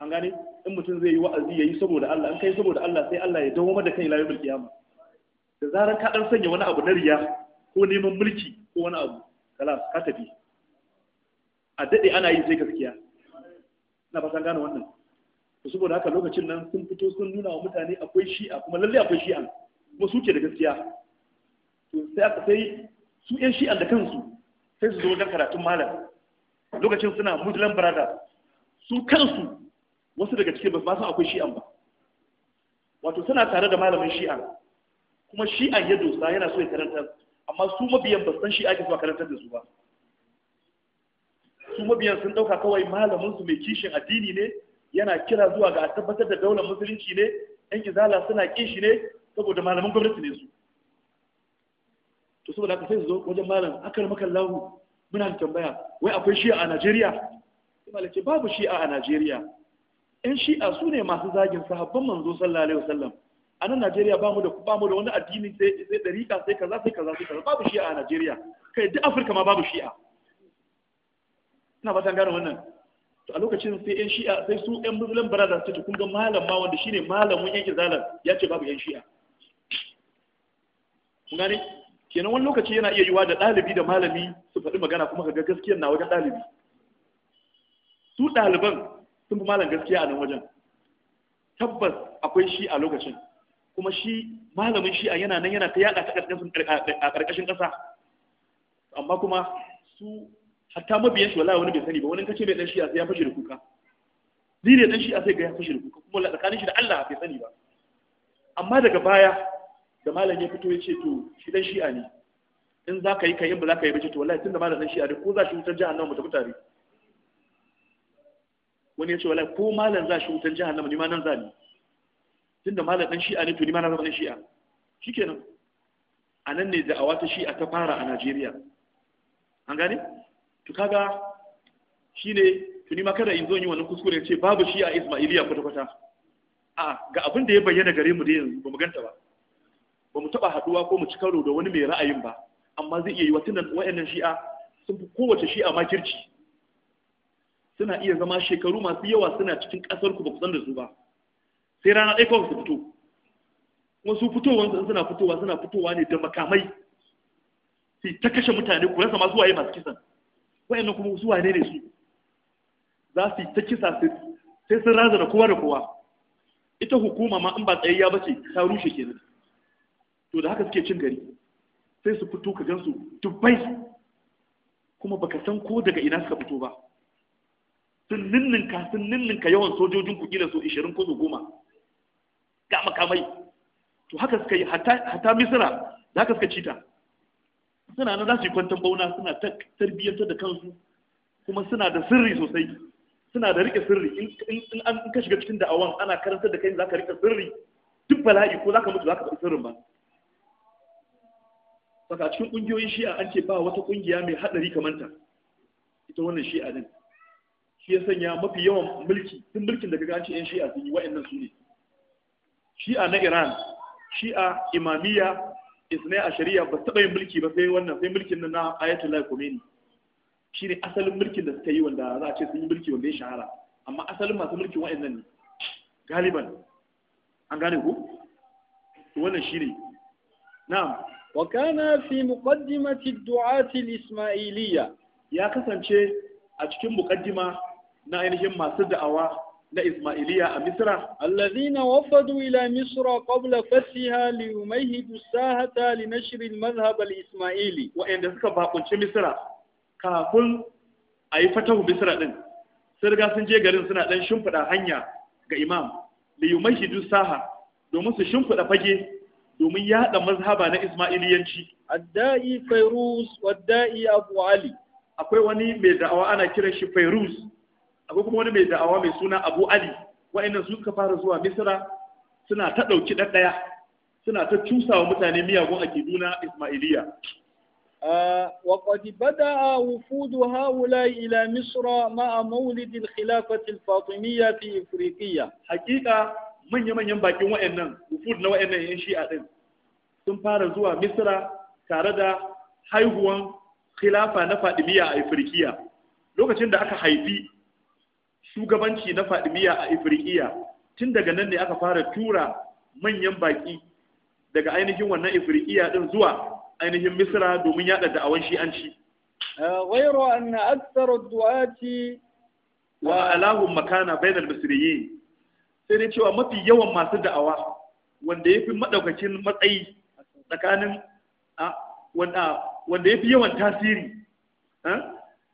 an gane in mutum zai yi wa'azi ya yi saboda Allah in kai saboda Allah sai Allah ya dawo da kai ila yawmil da zarar ka dan sanya wani abu na riya ko neman mulki ko wani abu kalas ka tafi a dade ana yi sai gaskiya ina fatan gane wannan to saboda haka lokacin nan sun fito sun nuna wa mutane akwai shi'a kuma lalle akwai shi'a kuma suke da gaskiya sai aka sai su yan shi'an da kansu sai su zo wajen karatun malam lokacin suna muslim Brada, su kansu wasu daga cikin ba san akwai shi'an ba wato suna tare da malamin shi'an kuma shi'an ya dosa yana so ya karanta, amma su mabiyan ba san shi'a ke zuwa karantar da su ba su mabiyan sun dauka kawai malamin su mai kishin addini ne yana kira zuwa ga a tabbatar da daular musulunci ne yan izala suna kishi ne saboda malamin gwamnati ne su to saboda haka sai su zo wajen malam akal makan lahu muna da tambaya wai akwai shi'a a Najeriya sai malam ce babu shi'a a Najeriya ƴan shi'a su ne masu zagin sahabban manzo sallallahu alaihi wasallam a nan Najeriya ba mu da ba mu da wani addini sai sai dariƙa sai kaza sai kaza sai kaza babu shi'a a Najeriya kai duk Afirka ma babu shi'a ina ba gane wannan to a lokacin sai yan shi'a sai su yan muslim brothers ta kun ga malam ma wanda shine malamin yan kizalan ya ce babu yan shi'a kun gane kenan wani lokaci yana iya yiwa da ɗalibi da malami su faɗi magana kuma ka ga gaskiyar na wajen ɗalibi su ɗaliban sun fi malam gaskiya a nan wajen tabbas akwai shi a lokacin kuma shi malamin shi a yana nan yana ta yaɗa ta a ƙarƙashin ƙasa amma kuma su hatta mabiyansu wala wani bai sani ba wani kace mai dan shi a sai ya fashe da kuka ni ne dan shi a sai ga ya fashe da kuka kuma tsakanin shi da Allah bai sani ba amma daga baya da malam ya fito ya ce to shi dan shi'a ne in za ka yi ka yi ba za ka yi ba to wallahi tun da malam dan shi'a ne ko za shi wutar jihar nan mu tafi tare wani ya ce wallahi ko malam za shi wutar jihar nan ni ma nan za ni tun da malam dan shi'a ne to ni ma na zama dan shi'a shikenan a nan ne da'awa ta shi'a ta fara a Najeriya an gane to kaga shine to ni ma kada in zo yi wannan kuskure ce babu shi'a Ismailiya kwata-kwata a ga abin da ya bayyana gare mu da yanzu ba mu ganta ba ba mu taɓa haɗuwa ko mu ci karo da wani mai ra'ayin ba amma zai iya yi wa tunan wa'annan shi'a sun fi kowace shi'a makirci suna iya zama shekaru masu yawa suna cikin ƙasar ku ba ku san da su ba sai rana ɗaya kawai su fito wasu fitowar suna fitowa suna fitowa ne da makamai sai ta kashe mutane ku rasa masu waye masu kisan wa'annan kuma su wane ne su za su yi ta kisa sai sun razana kowa da kowa ita hukuma ma in ba tsayayya ba ce ta rushe kenan to da haka suke cin gari sai su fito ka gansu dubbai kuma baka san ko daga ina suka fito ba sun ninninka sun ninninka yawan sojojin ku kila so 20 ko so 10 ga makamai to haka suka yi hata misira da haka suka cita suna nan za su yi kwantan bauna suna ta tarbiyyantar da kansu kuma suna da sirri sosai suna da rike sirri in an ka shiga cikin da'awan ana karantar da kai za ka rike sirri duk bala'i ko za ka mutu za ka faɗi sirrin ba saka cikin kungiyoyin shi'a an ce ba wata kungiya mai hadari kamar ta ita wannan shi'a din shi ya sanya mafi yawan mulki tun mulkin da kaga an yan shi'a sun yi wa'annan su ne shi'a na Iran shi'a imamiyya isna a shari'a ba taɓa yin mulki ba sai wannan sai mulkin nan na ayatollah khomeini shi ne asalin mulkin da suka yi wanda za a ce sun yi mulki wanda ya shahara amma asalin masu mulkin wa'annan ne galiban an gane ku wannan shi ne na'am وكان في مقدمة Isma'iliyya? Ya kasance a cikin أشكم مقدمة نائنهم ما سدعوا na Ismailiya a Misra. Allazina wafadu ila Misra qabla fatiha li yumayhidu sahata li nashr al-madhhab al-Ismaili. Wa'anda suka bakunci Misra kafin a yi fatahu Misra din. Sun riga sun je garin suna ɗan shimfida hanya ga Imam li yumayhidu saha domin su shimfiɗa fage domin yaɗa mazhaba na Ismailiyanci. Adda'i Fairuz wadda'i Abu Ali. Akwai wani mai da'awa ana kiran shi Fairuz. Akwai kuma wani mai da'awa mai suna Abu Ali. Wa'annan su suka fara zuwa Misra suna ta ɗauki ɗaɗɗaya. Suna ta cusawa mutane miyagun akiduna na Ismailiya. وقد بدأ وفود هؤلاء إلى مصر مع مولد الخلافة الفاطمية في إفريقيا حقيقة manya-manyan bakin wa'annan wufud na wa'annan yan shi'a din sun fara zuwa Misira, tare da haihuwan khilafa na fadimiyya a ifirkiya, lokacin da aka haifi shugabanci na fadimiyya a ifirkiya. tun daga nan ne aka fara tura manyan baki daga ainihin wannan ifirkiya ɗin zuwa ainihin Misira domin yaɗa yada da'awan shi'anci غير أن أكثر الدعاة وألاهم مكانا بين المصريين sai dai cewa mafi yawan masu da'awa wanda ya fi maɗaukacin matsayi tsakanin wanda ya fi yawan tasiri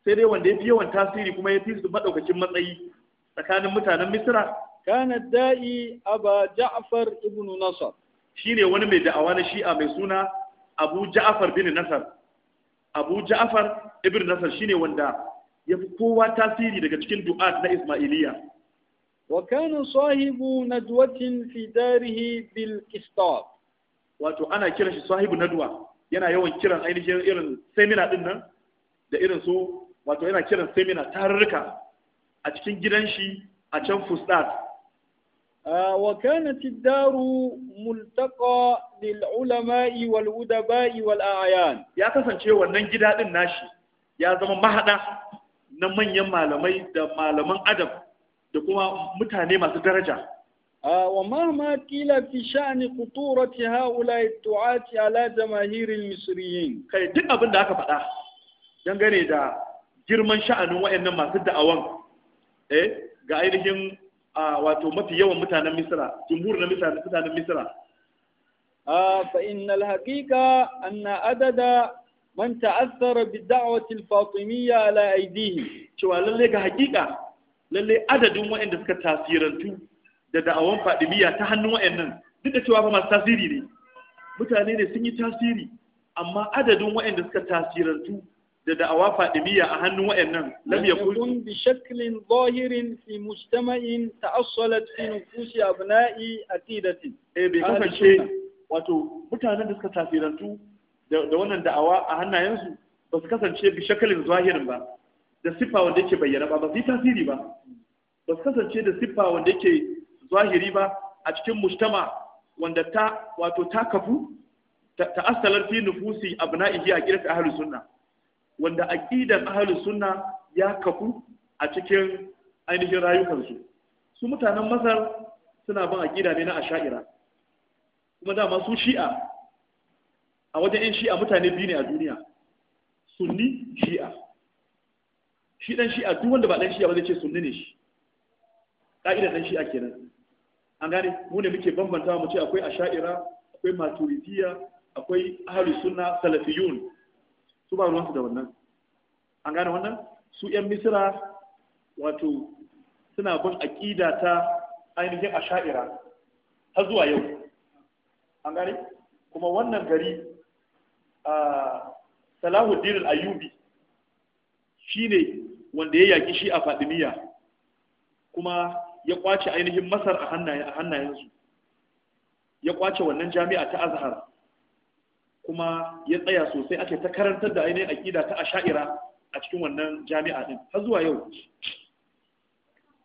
sai dai wanda ya fi yawan tasiri kuma ya fi su maɗaukacin matsayi tsakanin mutanen misira kana da'i aba ja'far ibn nasar shine wani mai da'awa na shi'a mai suna abu ja'far bin nasar abu ja'far ibn nasar shine wanda ya fi kowa tasiri daga cikin du'at na ismailiyya وكان صاحب ندوة في داره بالقسطاس wato ana kiran shi sahibu nadwa yana yawan kiran ainihin irin semina din nan da irin su wato yana kiran semina tarurruka a cikin gidan shi a can fustat ah, wa kanat ad-daru multaqa lil ulama'i wal udaba'i wal a'yan ya kasance wannan gida din nashi ya zama mahada na manyan malamai da malaman adab da kuma mutane masu daraja wa mahma kila fi sha'ani quturati haula du'ati ala jamahiril misriyin kai duk abin da aka faɗa dangane da girman sha'anin wayannan masu da'awan eh ga ainihin wato mafi yawan mutanen Misra jumhur na mutanen Misra fa innal haqiqa anna adada man ta'athara bid da'wati al-fatimiyya ala aydihi cewa lalle ga haqiqa lalle adadin waɗanda suka tasirantu da da'awan fadiliya ta hannun waɗannan duk da cewa ba masu tasiri ne mutane ne sun yi tasiri amma adadin waɗanda suka tasirantu da da'awa fadiliya a hannun waɗannan lam yakun bi shaklin zahirin fi mujtama'in ta'assalat fi nufusi abna'i aqidati eh bai kasance wato mutanen da suka tasirantu da wannan da'awa a hannayensu ba su kasance bi shaklin zahirin ba da siffa wanda yake bayyana ba ba su yi tasiri ba ba su kasance da siffa wanda yake zahiri ba a cikin mujtama wanda ta wato ta kafu ta asalar fi nufusi abna'ihi a kirfi ahlus sunna wanda aqidan ahlus sunna ya kafu a cikin ainihin rayukansu su mutanen masar suna bin aqida ne na asha'ira kuma dama su shi'a a wajen yan shi'a mutane biyu ne a duniya sunni shi'a shi dan shi'a duk wanda ba dan shi'a ba zai ce sunni ne shi ka'idar dan shi'a kenan an gane mu ne muke bambanta mu ce akwai asha'ira akwai maturidiyya akwai ahli sunna salafiyun su ba ruwansu da wannan an gane wannan su yan misira wato suna bin aqida ta ainihin asha'ira har zuwa yau an gane kuma wannan gari a ah, salahuddin al-ayubi shine wanda ya yaki shi a fadimiya kuma ya kwace ainihin masar a hannayensu ya kwace wannan jami'a ta azhar kuma ya tsaya sosai ake ta karantar da ainihin aƙida ta asha'ira a cikin wannan jami'a din har zuwa yau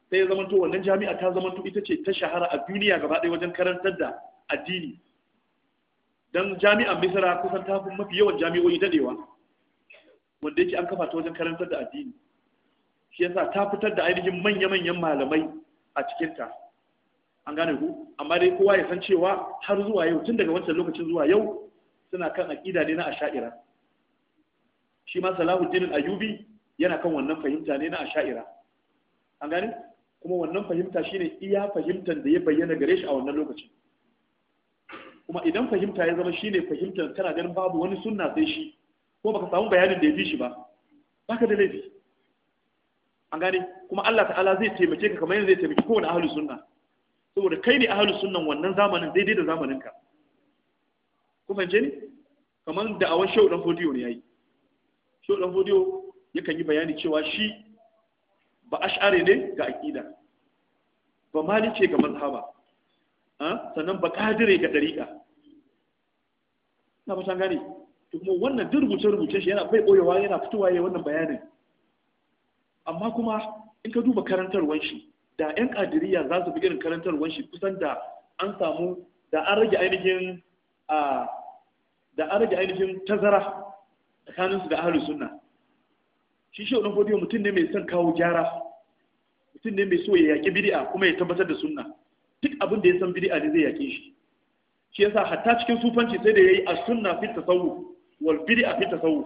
sai ya zamanto wannan jami'a ta zamanto ita ce ta shahara a duniya gaba ɗaya wajen karantar da addini don jami'an misira kusan ta mafi yawan jami'o'i daɗewa, wanda yake an kafa ta wajen karantar da addini shi yasa ta fitar da ainihin manya-manyan malamai a cikinta an gane ku amma dai kowa ya san cewa har zuwa yau tun daga wancan lokacin zuwa yau suna kan aƙida ne na asha'ira shi ma salahuddin ayubi yana kan wannan fahimta ne na asha'ira an gane kuma wannan fahimta shine iya fahimtar da ya bayyana gare shi a wannan lokacin kuma idan fahimta ya zama shine fahimtar tana ganin babu wani sunna sai shi ko baka samu bayanin da ya fi shi ba baka da laifi an gane kuma Allah ta'ala zai taimake ka kamar yadda zai taimaki kowane ahlus sunna saboda kai ne ahlus sunnan wannan zamanin daidai da zamanin ka kuma je ne kamar da awan shau dan fodiyo ne yayi shau dan fodiyo yakan yi bayani cewa shi ba ash'ari ne ga aqida ba malike ga mazhaba sannan ba kadire ga dariqa na ba san gane to kuma wannan duk rubuce-rubuce shi yana bai boyewa yana fitowa yayin wannan bayanin amma kuma in ka duba karantarwar shi da yan kadiriya za su fi irin karantarwar shi kusan da an samu da an rage ainihin da an rage ainihin tazara tsakaninsu da ahli sunna shi shi wannan mutum ne mai son kawo gyara mutum ne mai so ya yaki bid'a kuma ya tabbatar da sunna duk abin da ya san bid'a ne zai yaki shi shi yasa hatta cikin sufanci sai da yayi as-sunna fi tasawuf wal bid'a fi tasawuf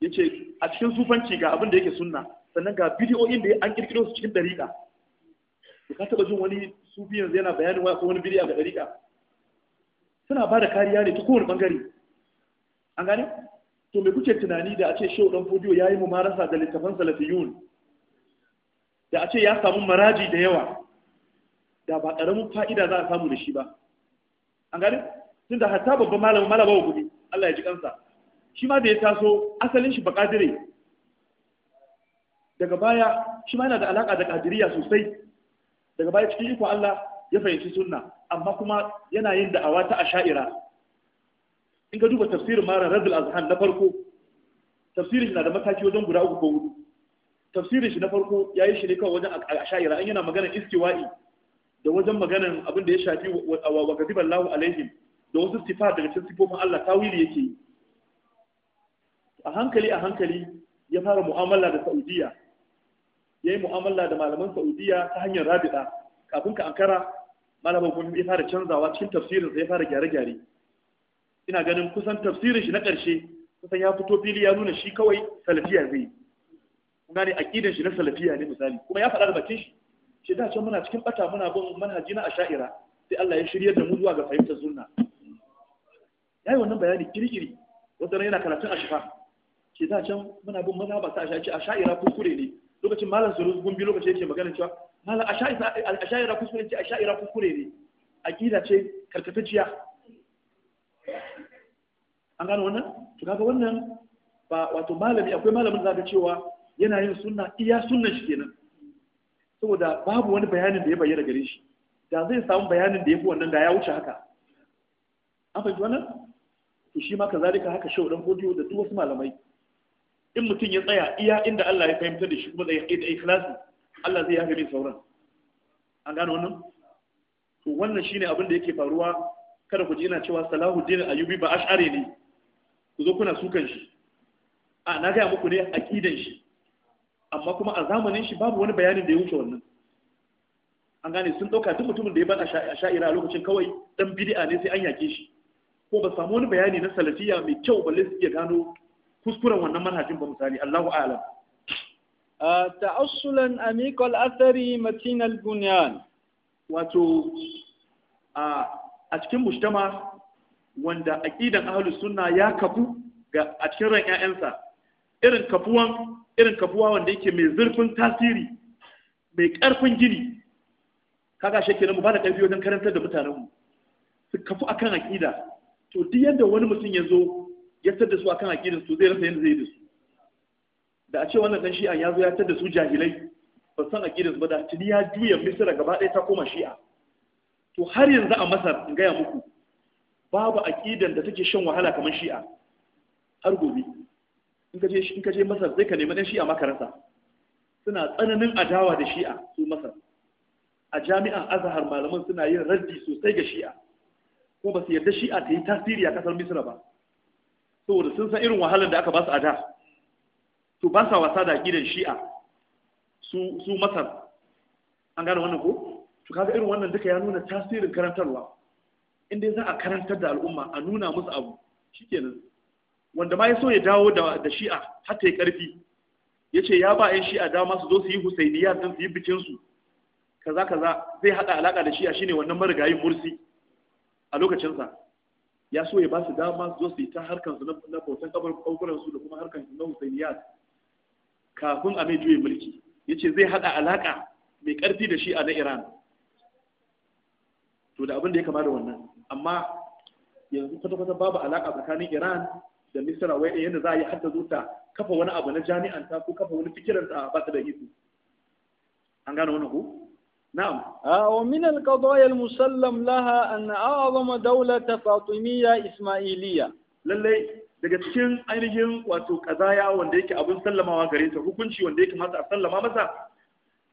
yace a cikin sufanci ga abin da yake sunna sannan ga bidiyoyin da an kirkiro su cikin dariƙa ka taba jin wani sufi yanzu yana bayanin wa ko wani bidiyo ga dariƙa suna ba da kariya ne ta kowane bangare an gane to me kuke tunani da a ce shehu dan fodiyo mu mumarasa da littafan salafiyun da a ce ya samu maraji da yawa da ba ƙaramin fa'ida za a samu da shi ba an gane da hatta babban malamin malama wa gobe Allah ya ji kansa shi ma da ya taso asalin shi bakadire daga baya shi ma yana da alaka da kadiriya sosai daga baya cikin iko Allah ya fahimci sunna amma kuma yana yin da'awa ta asha'ira in ka duba tafsirin mara radul azhan na farko tafsirin shi na da mataki wajen guda uku ko hudu tafsirin shi na farko ya yi shi ne kawai wajen asha'ira an yana maganar istiwa'i da wajen maganar abin da ya shafi wa gaziban lahu alaihim da wasu sifa daga cikin sifofin Allah tawili yake yi a hankali a hankali ya fara mu'amala da saudiya ya yi mu'amala da malaman saudiya ta hanyar rabida kafin ka ankara malamin kuma ya fara canzawa cikin tafsirinsa ya fara gyare-gyare ina ganin kusan tafsirin shi na ƙarshe kusan ya fito fili ya nuna shi kawai salafiya zai kun gane aqidan shi na salafiya ne misali kuma ya faɗa da bakin shi shi da can muna cikin bata muna bin manhaji na asha'ira sai Allah ya shiryar da mu zuwa ga fahimtar sunna yayi wannan bayani kirkiri wanda yana karatun ashifa ke da can muna bin maza ba sa asha ce asha'ira kuskure ne lokacin malam sarus gumbi lokacin yake magana cewa malam asha'ira kuskure ce asha'ira kuskure ne aqida ce karkatacciya an gano wannan to kaga wannan ba wato malami akwai malamin zaka cewa yana yin sunna iya sunnan shi kenan saboda babu wani bayanin da ya bayyana gare shi da zai samu bayanin da ya fi wannan da ya wuce haka an fahimci wannan to shi ma ka haka shaudan hodiyo da duk wasu malamai in mutum ya tsaya iya inda Allah ya fahimta da shi kuma da ikhlasi Allah zai yafe mai sauran an gano wannan to wannan shine abin da yake faruwa kada ku ji ina cewa Salahuddin ayubi ba ash'ari ne ku zo kuna sukan shi a na gaya muku ne aqidan shi amma kuma a zamanin shi babu wani bayanin da ya wuce wannan an gane sun dauka duk mutumin da ya a sha'ira a lokacin kawai dan bidi'a ne sai an yake shi ko ba samu wani bayani na salafiya mai kyau balle su iya gano kuskuren wannan manhajin ba misali Allahu a'lam ta'assulan amikal athari al bunyan wato a cikin mujtama wanda aqidan ahlus sunna ya kafu ga a cikin ran ƴaƴansa irin kafuwan irin kafuwa wanda yake mai zurfin tasiri mai ƙarfin gini kaga shi kenan mu ba da ƙarfi wajen karantar da mu, su kafu akan aqida to duk yadda wani mutum ya zo ya da su akan aqidar su zai rasa yadda zai da su da a ce wannan dan shi'a ya zo ya da su jahilai ba san aqidar ba da tuni ya juya misra gaba ɗaya ta koma shi'a to har yanzu a masar in gaya muku babu aqidar da take shan wahala kamar shi'a har gobe in ka je in ka je masar zai ka nemi dan shi'a makaranta suna tsananin adawa da shi'a su masar a jami'an azahar malaman suna yin raddi sosai ga shi'a ko ba su yarda shi'a ta yi tasiri a kasar misra ba saboda sun san irin wahalar da aka ba su a da to ba sa wasa da gidan shi'a su masar an gane wannan ko to kaga irin wannan duka ya nuna tasirin karantarwa inda za a karantar da al'umma a nuna musu abu shikenan wanda ma ya so ya dawo da shi'a ta ya karfi ya ce ya ba 'yan shi'a dama su zo su yi husainiya don su yi bikinsu kaza kaza zai haɗa alaka da shi'a shine wannan marigayin mursi a lokacinsa ya so ya ba su dama su zo su yi ta harkar su na bautan kaburan su da kuma harkar su na husainiyat kafin a mai mulki ya ce zai hada alaƙa mai karfi da shi a na iran to da abin da ya kama da wannan amma yanzu kwata-kwata babu alaka tsakanin iran da misira wai yadda za a yi hatta zo ta kafa wani abu na jami'an ta ko kafa wani fikiran ta ba ta da an gane wannan ko نعم ومن القضايا المسلم لها أن أعظم دولة فاطمية إسماعيلية للي daga cikin ainihin wato kazaya wanda yake abin sallamawa gare ta hukunci wanda yake mata a sallama masa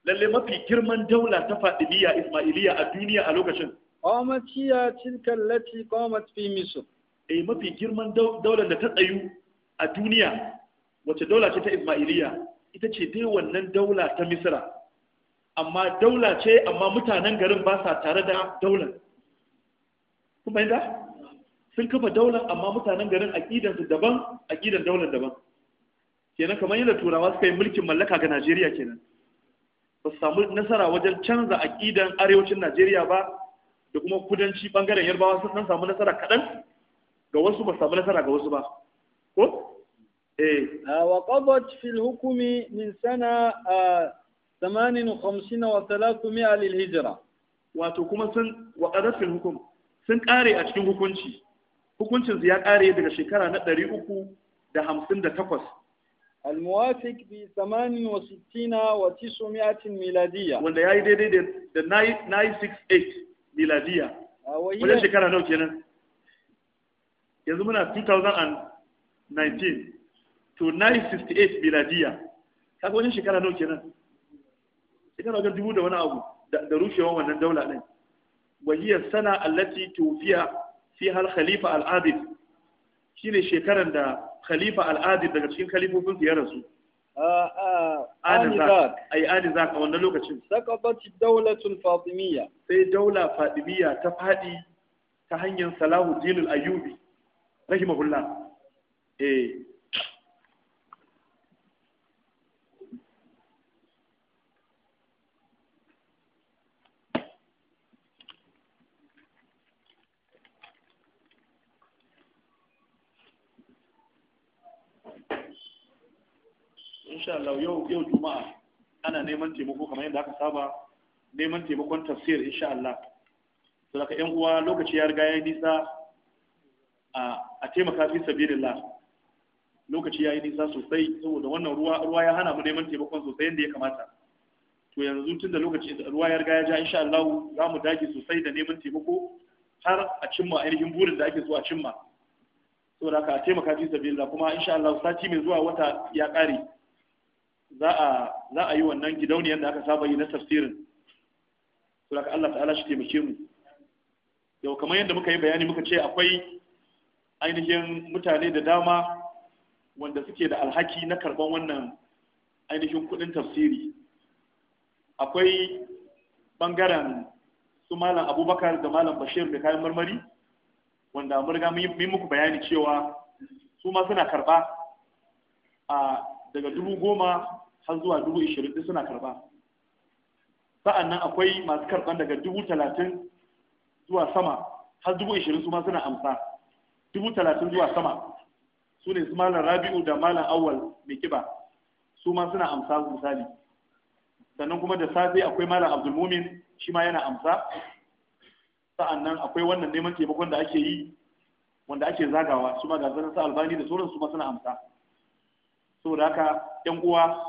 lalle mafi girman daula ta fadiliya ismailiya a duniya a lokacin qamat hiya tilka allati qamat fi misr eh mafi girman daular da ta tsayu a duniya wace daula ce ta ismailiya ita ce dai wannan daula ta misra amma daula ce amma mutanen garin ba sa tare da daular kun fahimta sun kafa daular amma mutanen garin aqidan su daban aqidan daular daban kenan kamar yadda turawa suka yi mulkin mallaka ga Najeriya kenan ba su samu nasara wajen canza aqidan arewacin Najeriya ba da kuma kudanci bangaren yarbawa sun dan samu nasara kaɗan ga wasu ba samu nasara ga wasu ba ko eh wa qadat fil hukmi min sana ah, Zamanin wa Salaku, mai halin hijira. Wato kuma waƙarfin hukum sun kare a cikin hukunci, hukuncinsu ya kare daga shekara na ɗari Al-Muwafiq biyu tsammanin wa Sitina miladiya. Wanda ya daidai da 968 miladiya. Wajen shekara nawa kenan? Yanzu muna 2019, to 968 miladiya. Kaka wajen shekara nawa kenan. shekara wajen dubu da wani abu da rushewar wannan daula din wajiyar sana allati tufiya fi hal khalifa al-adil shine shekaran da khalifa al-adil daga cikin khalifofin ya rasu ah, ah, Anizak ai Anizak a wannan lokacin saqabat daulatun fatimiyya sai daula fatimiyya ta fadi ta hanyar Salahu al-Ayyubi rahimahullah eh insha Allah yau yau juma'a ana neman taimako kamar yadda aka saba neman taimakon tafsir insha Allah to daga ƴan uwa lokaci ya riga ya nisa a a taimaka fi sabilillah lokaci ya yi nisa sosai saboda wannan ruwa ruwa ya hana mu neman taimakon sosai yadda ya kamata to yanzu tun da lokaci ruwa ya riga ya ja insha Allah za mu dage sosai da neman taimako har a cimma ainihin burin da ake so a cimma saboda ka taimaka fi sabilillah kuma insha Allah sati mai zuwa wata ya kare za a yi wannan gidauniyar da aka saba yi na tafsirin ka Allah ta'ala shi taimake mu yau kamar yadda muka yi bayani muka ce akwai ainihin mutane da dama wanda suke da alhaki na karban wannan ainihin kudin tafsiri akwai bangaren su malam abubakar da malam bashir da kayan marmari wanda mun riga muku bayani cewa su ma suna karba a daga dubu goma har zuwa dubu ishirin duk suna karba sa'annan akwai masu karɓan daga dubu talatin zuwa sama har dubu ishirin su ma suna amsa dubu talatin zuwa sama su ne su malam rabi'u da malam awwal mai kiba su ma suna amsa misali sannan kuma da safe akwai malam abdulmumin shi ma yana amsa sa'annan akwai wannan neman taimakon da ake yi wanda ake zagawa su ma ga zanen sa albani da sauran su ma suna amsa saboda haka yan uwa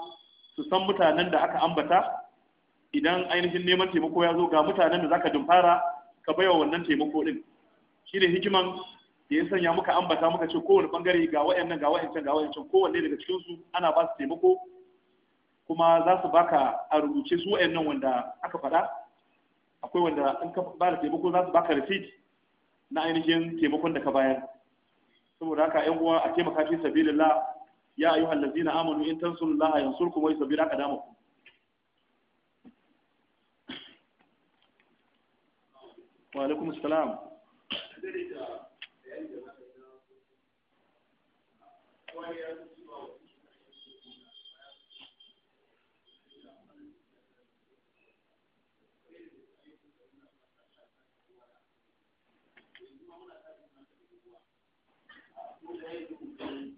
su san mutanen da aka ambata idan ainihin neman taimako ya zo ga mutanen da zaka dumfara ka baiwa wannan taimako din ne hikiman da ya sanya muka ambata muka ce kowane bangare ga nan ga can ga can kowanne daga cikin su ana ba su taimako kuma za su baka a rubuce su nan wanda aka faɗa akwai wanda in ka ba da taimako za su baka receipt na ainihin taimakon da ka bayar saboda haka yan uwa a taimaka fi sabilillah يا أيها الذين آمنوا إن تنصروا الله ينصركم ويصبر أقدامكم وعليكم السلام Thank you.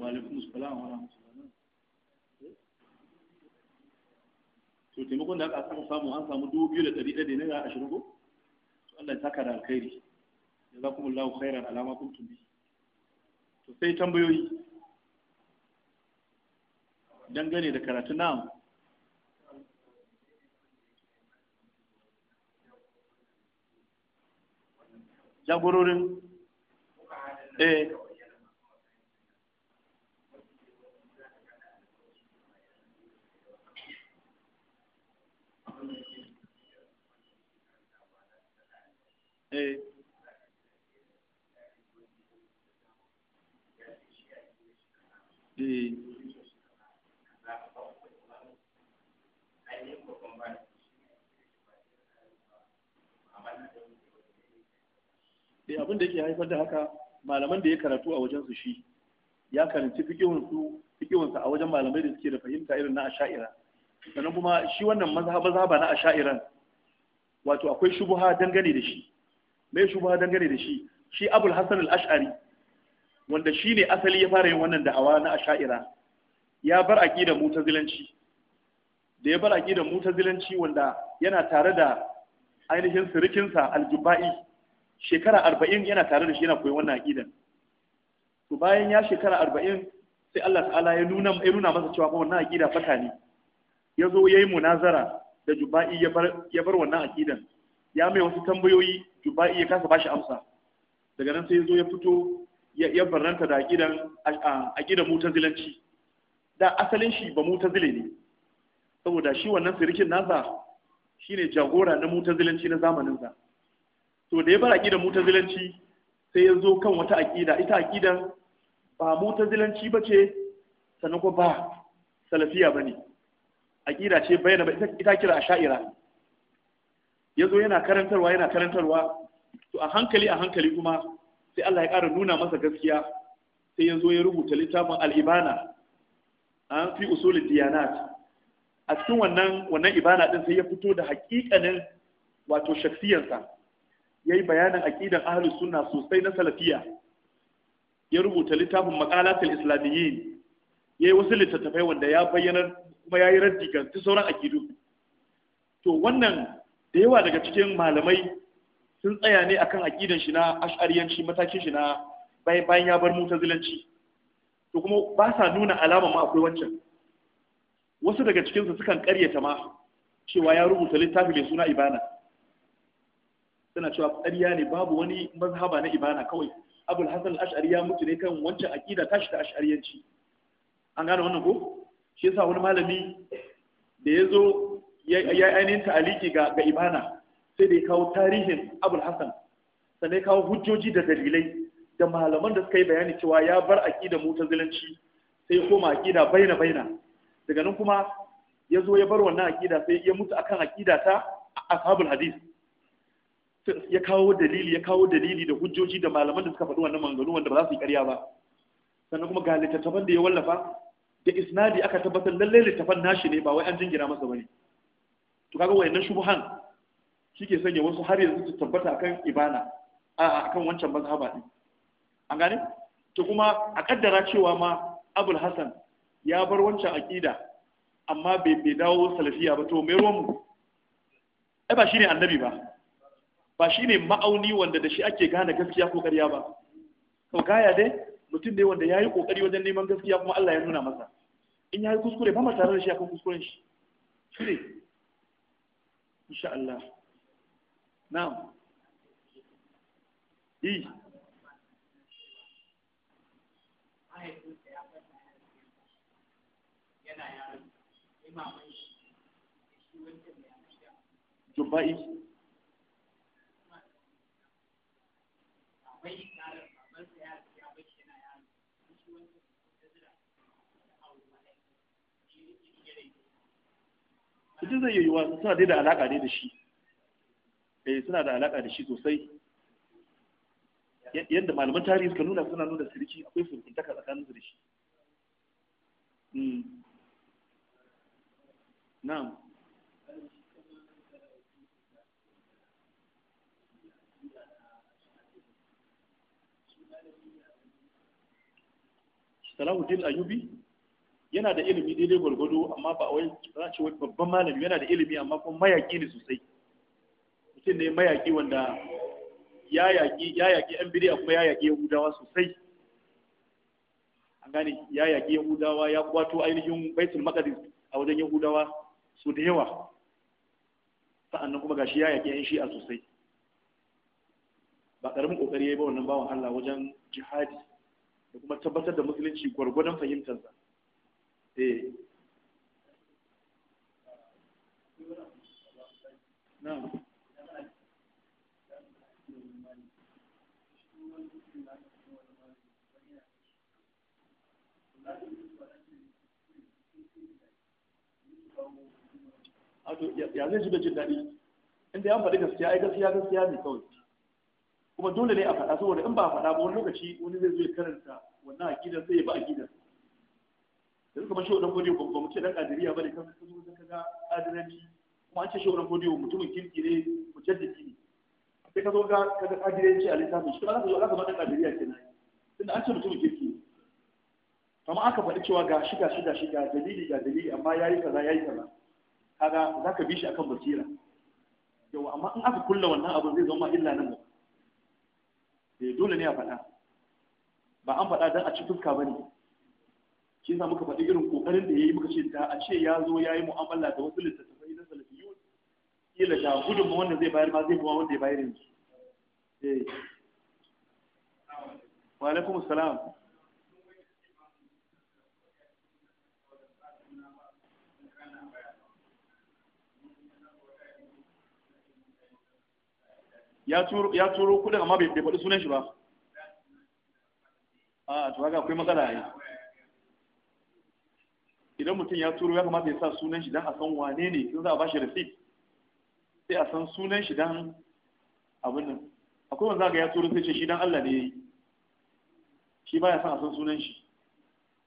وعليكم السلام ورحمة الله to taimakon da aka samu an samu dubu biyu da ɗari ɗaya da naira ashirin ko to Allah ya saka da alkhairi jazakumullahu khairan alama kuntum bi to sai tambayoyi dangane da karatu na jagororin eh eh eh sai eh, da yake haifar da haka malaman da ya karatu a wajen su shi ya karanci fikihunsu a wajen malamai da suke da fahimta irin na asha'ira sannan kuma shi wannan mazhaba na asha'iran wato akwai shubuha dangane da shi Mai shubha dangane da shi shi abul hasan al-ash'ari wanda shi ne asali ya fara yin wannan da'awa na asha'ira ya bar aqidar mutazilanci da ya bar aqidar mutazilanci wanda yana tare da ainihin sirikinsa al jubai shekara 40 yana tare da shi yana koyon wannan aƙidan. to bayan ya shekara 40 sai Allah ta'ala ya nuna ya nuna masa cewa wannan aqida fata ne ya zo yayi munazara da jubai ya bar ya bar wannan aqidan ya mai wasu tambayoyi ba ya kasa bashi amsa daga nan sai ya zo ya fito ya barranta da aqidan aqidan mutazilanci da asalin shi ba mutazile ne saboda shi wannan sirikin nasa shine jagora na mutazilanci na zamanin sa to da ya bar aqidan mutazilanci sai ya zo kan wata aqida ita aqidan ba mutazilanci bace sannan ko ba salafiya bane aqida ce bayyana ita kira asha'ira ya zo yana karantarwa yana karantarwa to a hankali a hankali kuma sai Allah ya ƙara nuna masa gaskiya sai ya zo ya rubuta littafin al'ibana an fi usulin diyanat a cikin wannan wannan ibana din sai ya fito da haƙiƙanin wato shaksiyansa ya yi bayanin aƙidan ahalus sunna sosai na salafiya ya rubuta littafin maƙalatul islamiyyin ya yi wasu littattafai wanda ya bayyana kuma ya yi raddi ga sauran aƙidu to wannan da yawa daga cikin malamai sun tsaya ne akan aqidan shi na ash'ariyanci matakin shi na bayan ya bar mutazilanci to kuma ba sa nuna alama ma akwai wancan wasu daga cikin su sukan ƙaryata ma cewa ya rubuta littafi mai suna ibana suna cewa ƙarya ne babu wani mazhaba na ibana kawai abul hasan al-ash'ari ya mutu ne kan wancan aqida tashi da ash'ariyanci an gane wannan ko shi yasa wani malami da ya zo ya ainihin ta'aliki ga ga ibana sai da ya kawo tarihin abul hassan sannan ya kawo hujjoji da dalilai da malaman da suka yi bayani cewa ya bar aqida mutazilanci sai ya koma aƙida baina baina daga nan kuma ya zo ya bar wannan aƙida sai ya mutu akan aqida ta ashabul hadis ya kawo dalili ya kawo dalili da hujjoji da malaman da suka faɗi wannan manganu wanda ba za su yi ƙarya ba sannan kuma ga littattafan da ya wallafa da isnadi aka tabbatar lallai littattafan nashi ne ba wai an jingina masa ba ne. to kaga wayannan shubuhan ke sanya wasu har yanzu su tabbata akan ibana a akan wancan mazhaba din an gane to kuma a kaddara cewa ma abul hasan ya bar wancan aqida amma bai bai dawo salafiya ba to mai ruwan mu ai ba shine annabi ba ba shine ma'auni wanda da shi ake gane gaskiya ko ƙarya ba to gaya dai mutum ne wanda ya yi ƙoƙari wajen neman gaskiya kuma Allah ya nuna masa in ya yi kuskure ba ma tare da shi akan kuskuren shi shi insha Allah na'am yi Jumba'i duk zai yi yiwuwa suna dai da alaka ne da shi eh suna da alaka da shi sosai yadda malaman tarihi suka nuna suna nuna sirki akwai taka tsakanin su da shi hmm. na'am Salahuddin Ayubi yana da ilimi daidai gwargwado amma ba wai za ce wani babban malami yana da ilimi amma kuma mayaki ne sosai mutum ne mayaki wanda ya yaki ya yaki yan bidiya kuma ya yaki yahudawa sosai an gane ya yaki yahudawa ya kwato ainihin baitul maqdis a wajen yahudawa su da yawa sa'annan kuma gashi ya yaki yan shi'a sosai ba karamin kokari yayi ba wannan bawan Allah wajen jihadi da kuma tabbatar da musulunci gwargwadon fahimtarsa eh na'am ya zai shiga jin daɗi inda ya faɗi gaskiya ai gaskiya gaskiya ne kawai kuma dole ne a faɗa saboda in ba a faɗa ba wani lokaci wani zai zo ya karanta wannan akidar sai ya ba akidar yanzu kamar shi wadan godiyo ba mu ce dan kadiriya bane kan ka zo ka ga adiranci kuma an ce shi wadan godiyo mutumin kirki ne mu mujaddidi ne sai ka zo ga ka ga adiranci a littafin shi kuma za ka zo ka ga dan kadiriya kenan tunda an ce mutumin kirki ne amma aka faɗi cewa ga shiga-shiga-shiga, dalili ga dalili amma ya yi kaza ya yi kaza kaga za ka bi shi akan basira yau amma in aka kulla wannan abu zai zama illa nan gaba eh, dole ne a faɗa ba an faɗa don a ci fuska ba ne shi yasa muka faɗi irin kokarin da yayi muka ce da a ce ya zo yayi mu'amala da wasu littattafai na salafiyun kila da ma wanda zai bayar ma zai kuma wanda ya bayar yanzu eh wa alaikum salam ya turo kudin amma bai faɗi sunan shi ba a to haka akwai matsala ne idan mutum ya turo ya kamata ya sa sunan shi don a san wane ne in za a bashi receipt sai a san sunan shi don abin nan akwai wanda ga ya turo sai ce shi don Allah ne ya yi shi baya san a san sunan shi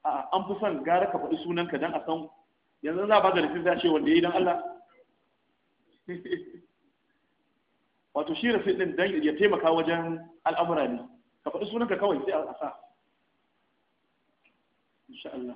a an fi son gara ka faɗi sunan ka don a san yanzu za a ba da receipt za ce wanda ya yi don Allah wato shi receipt din don ya taimaka wajen al'amura ne ka faɗi sunanka kawai sai a sa insha Allah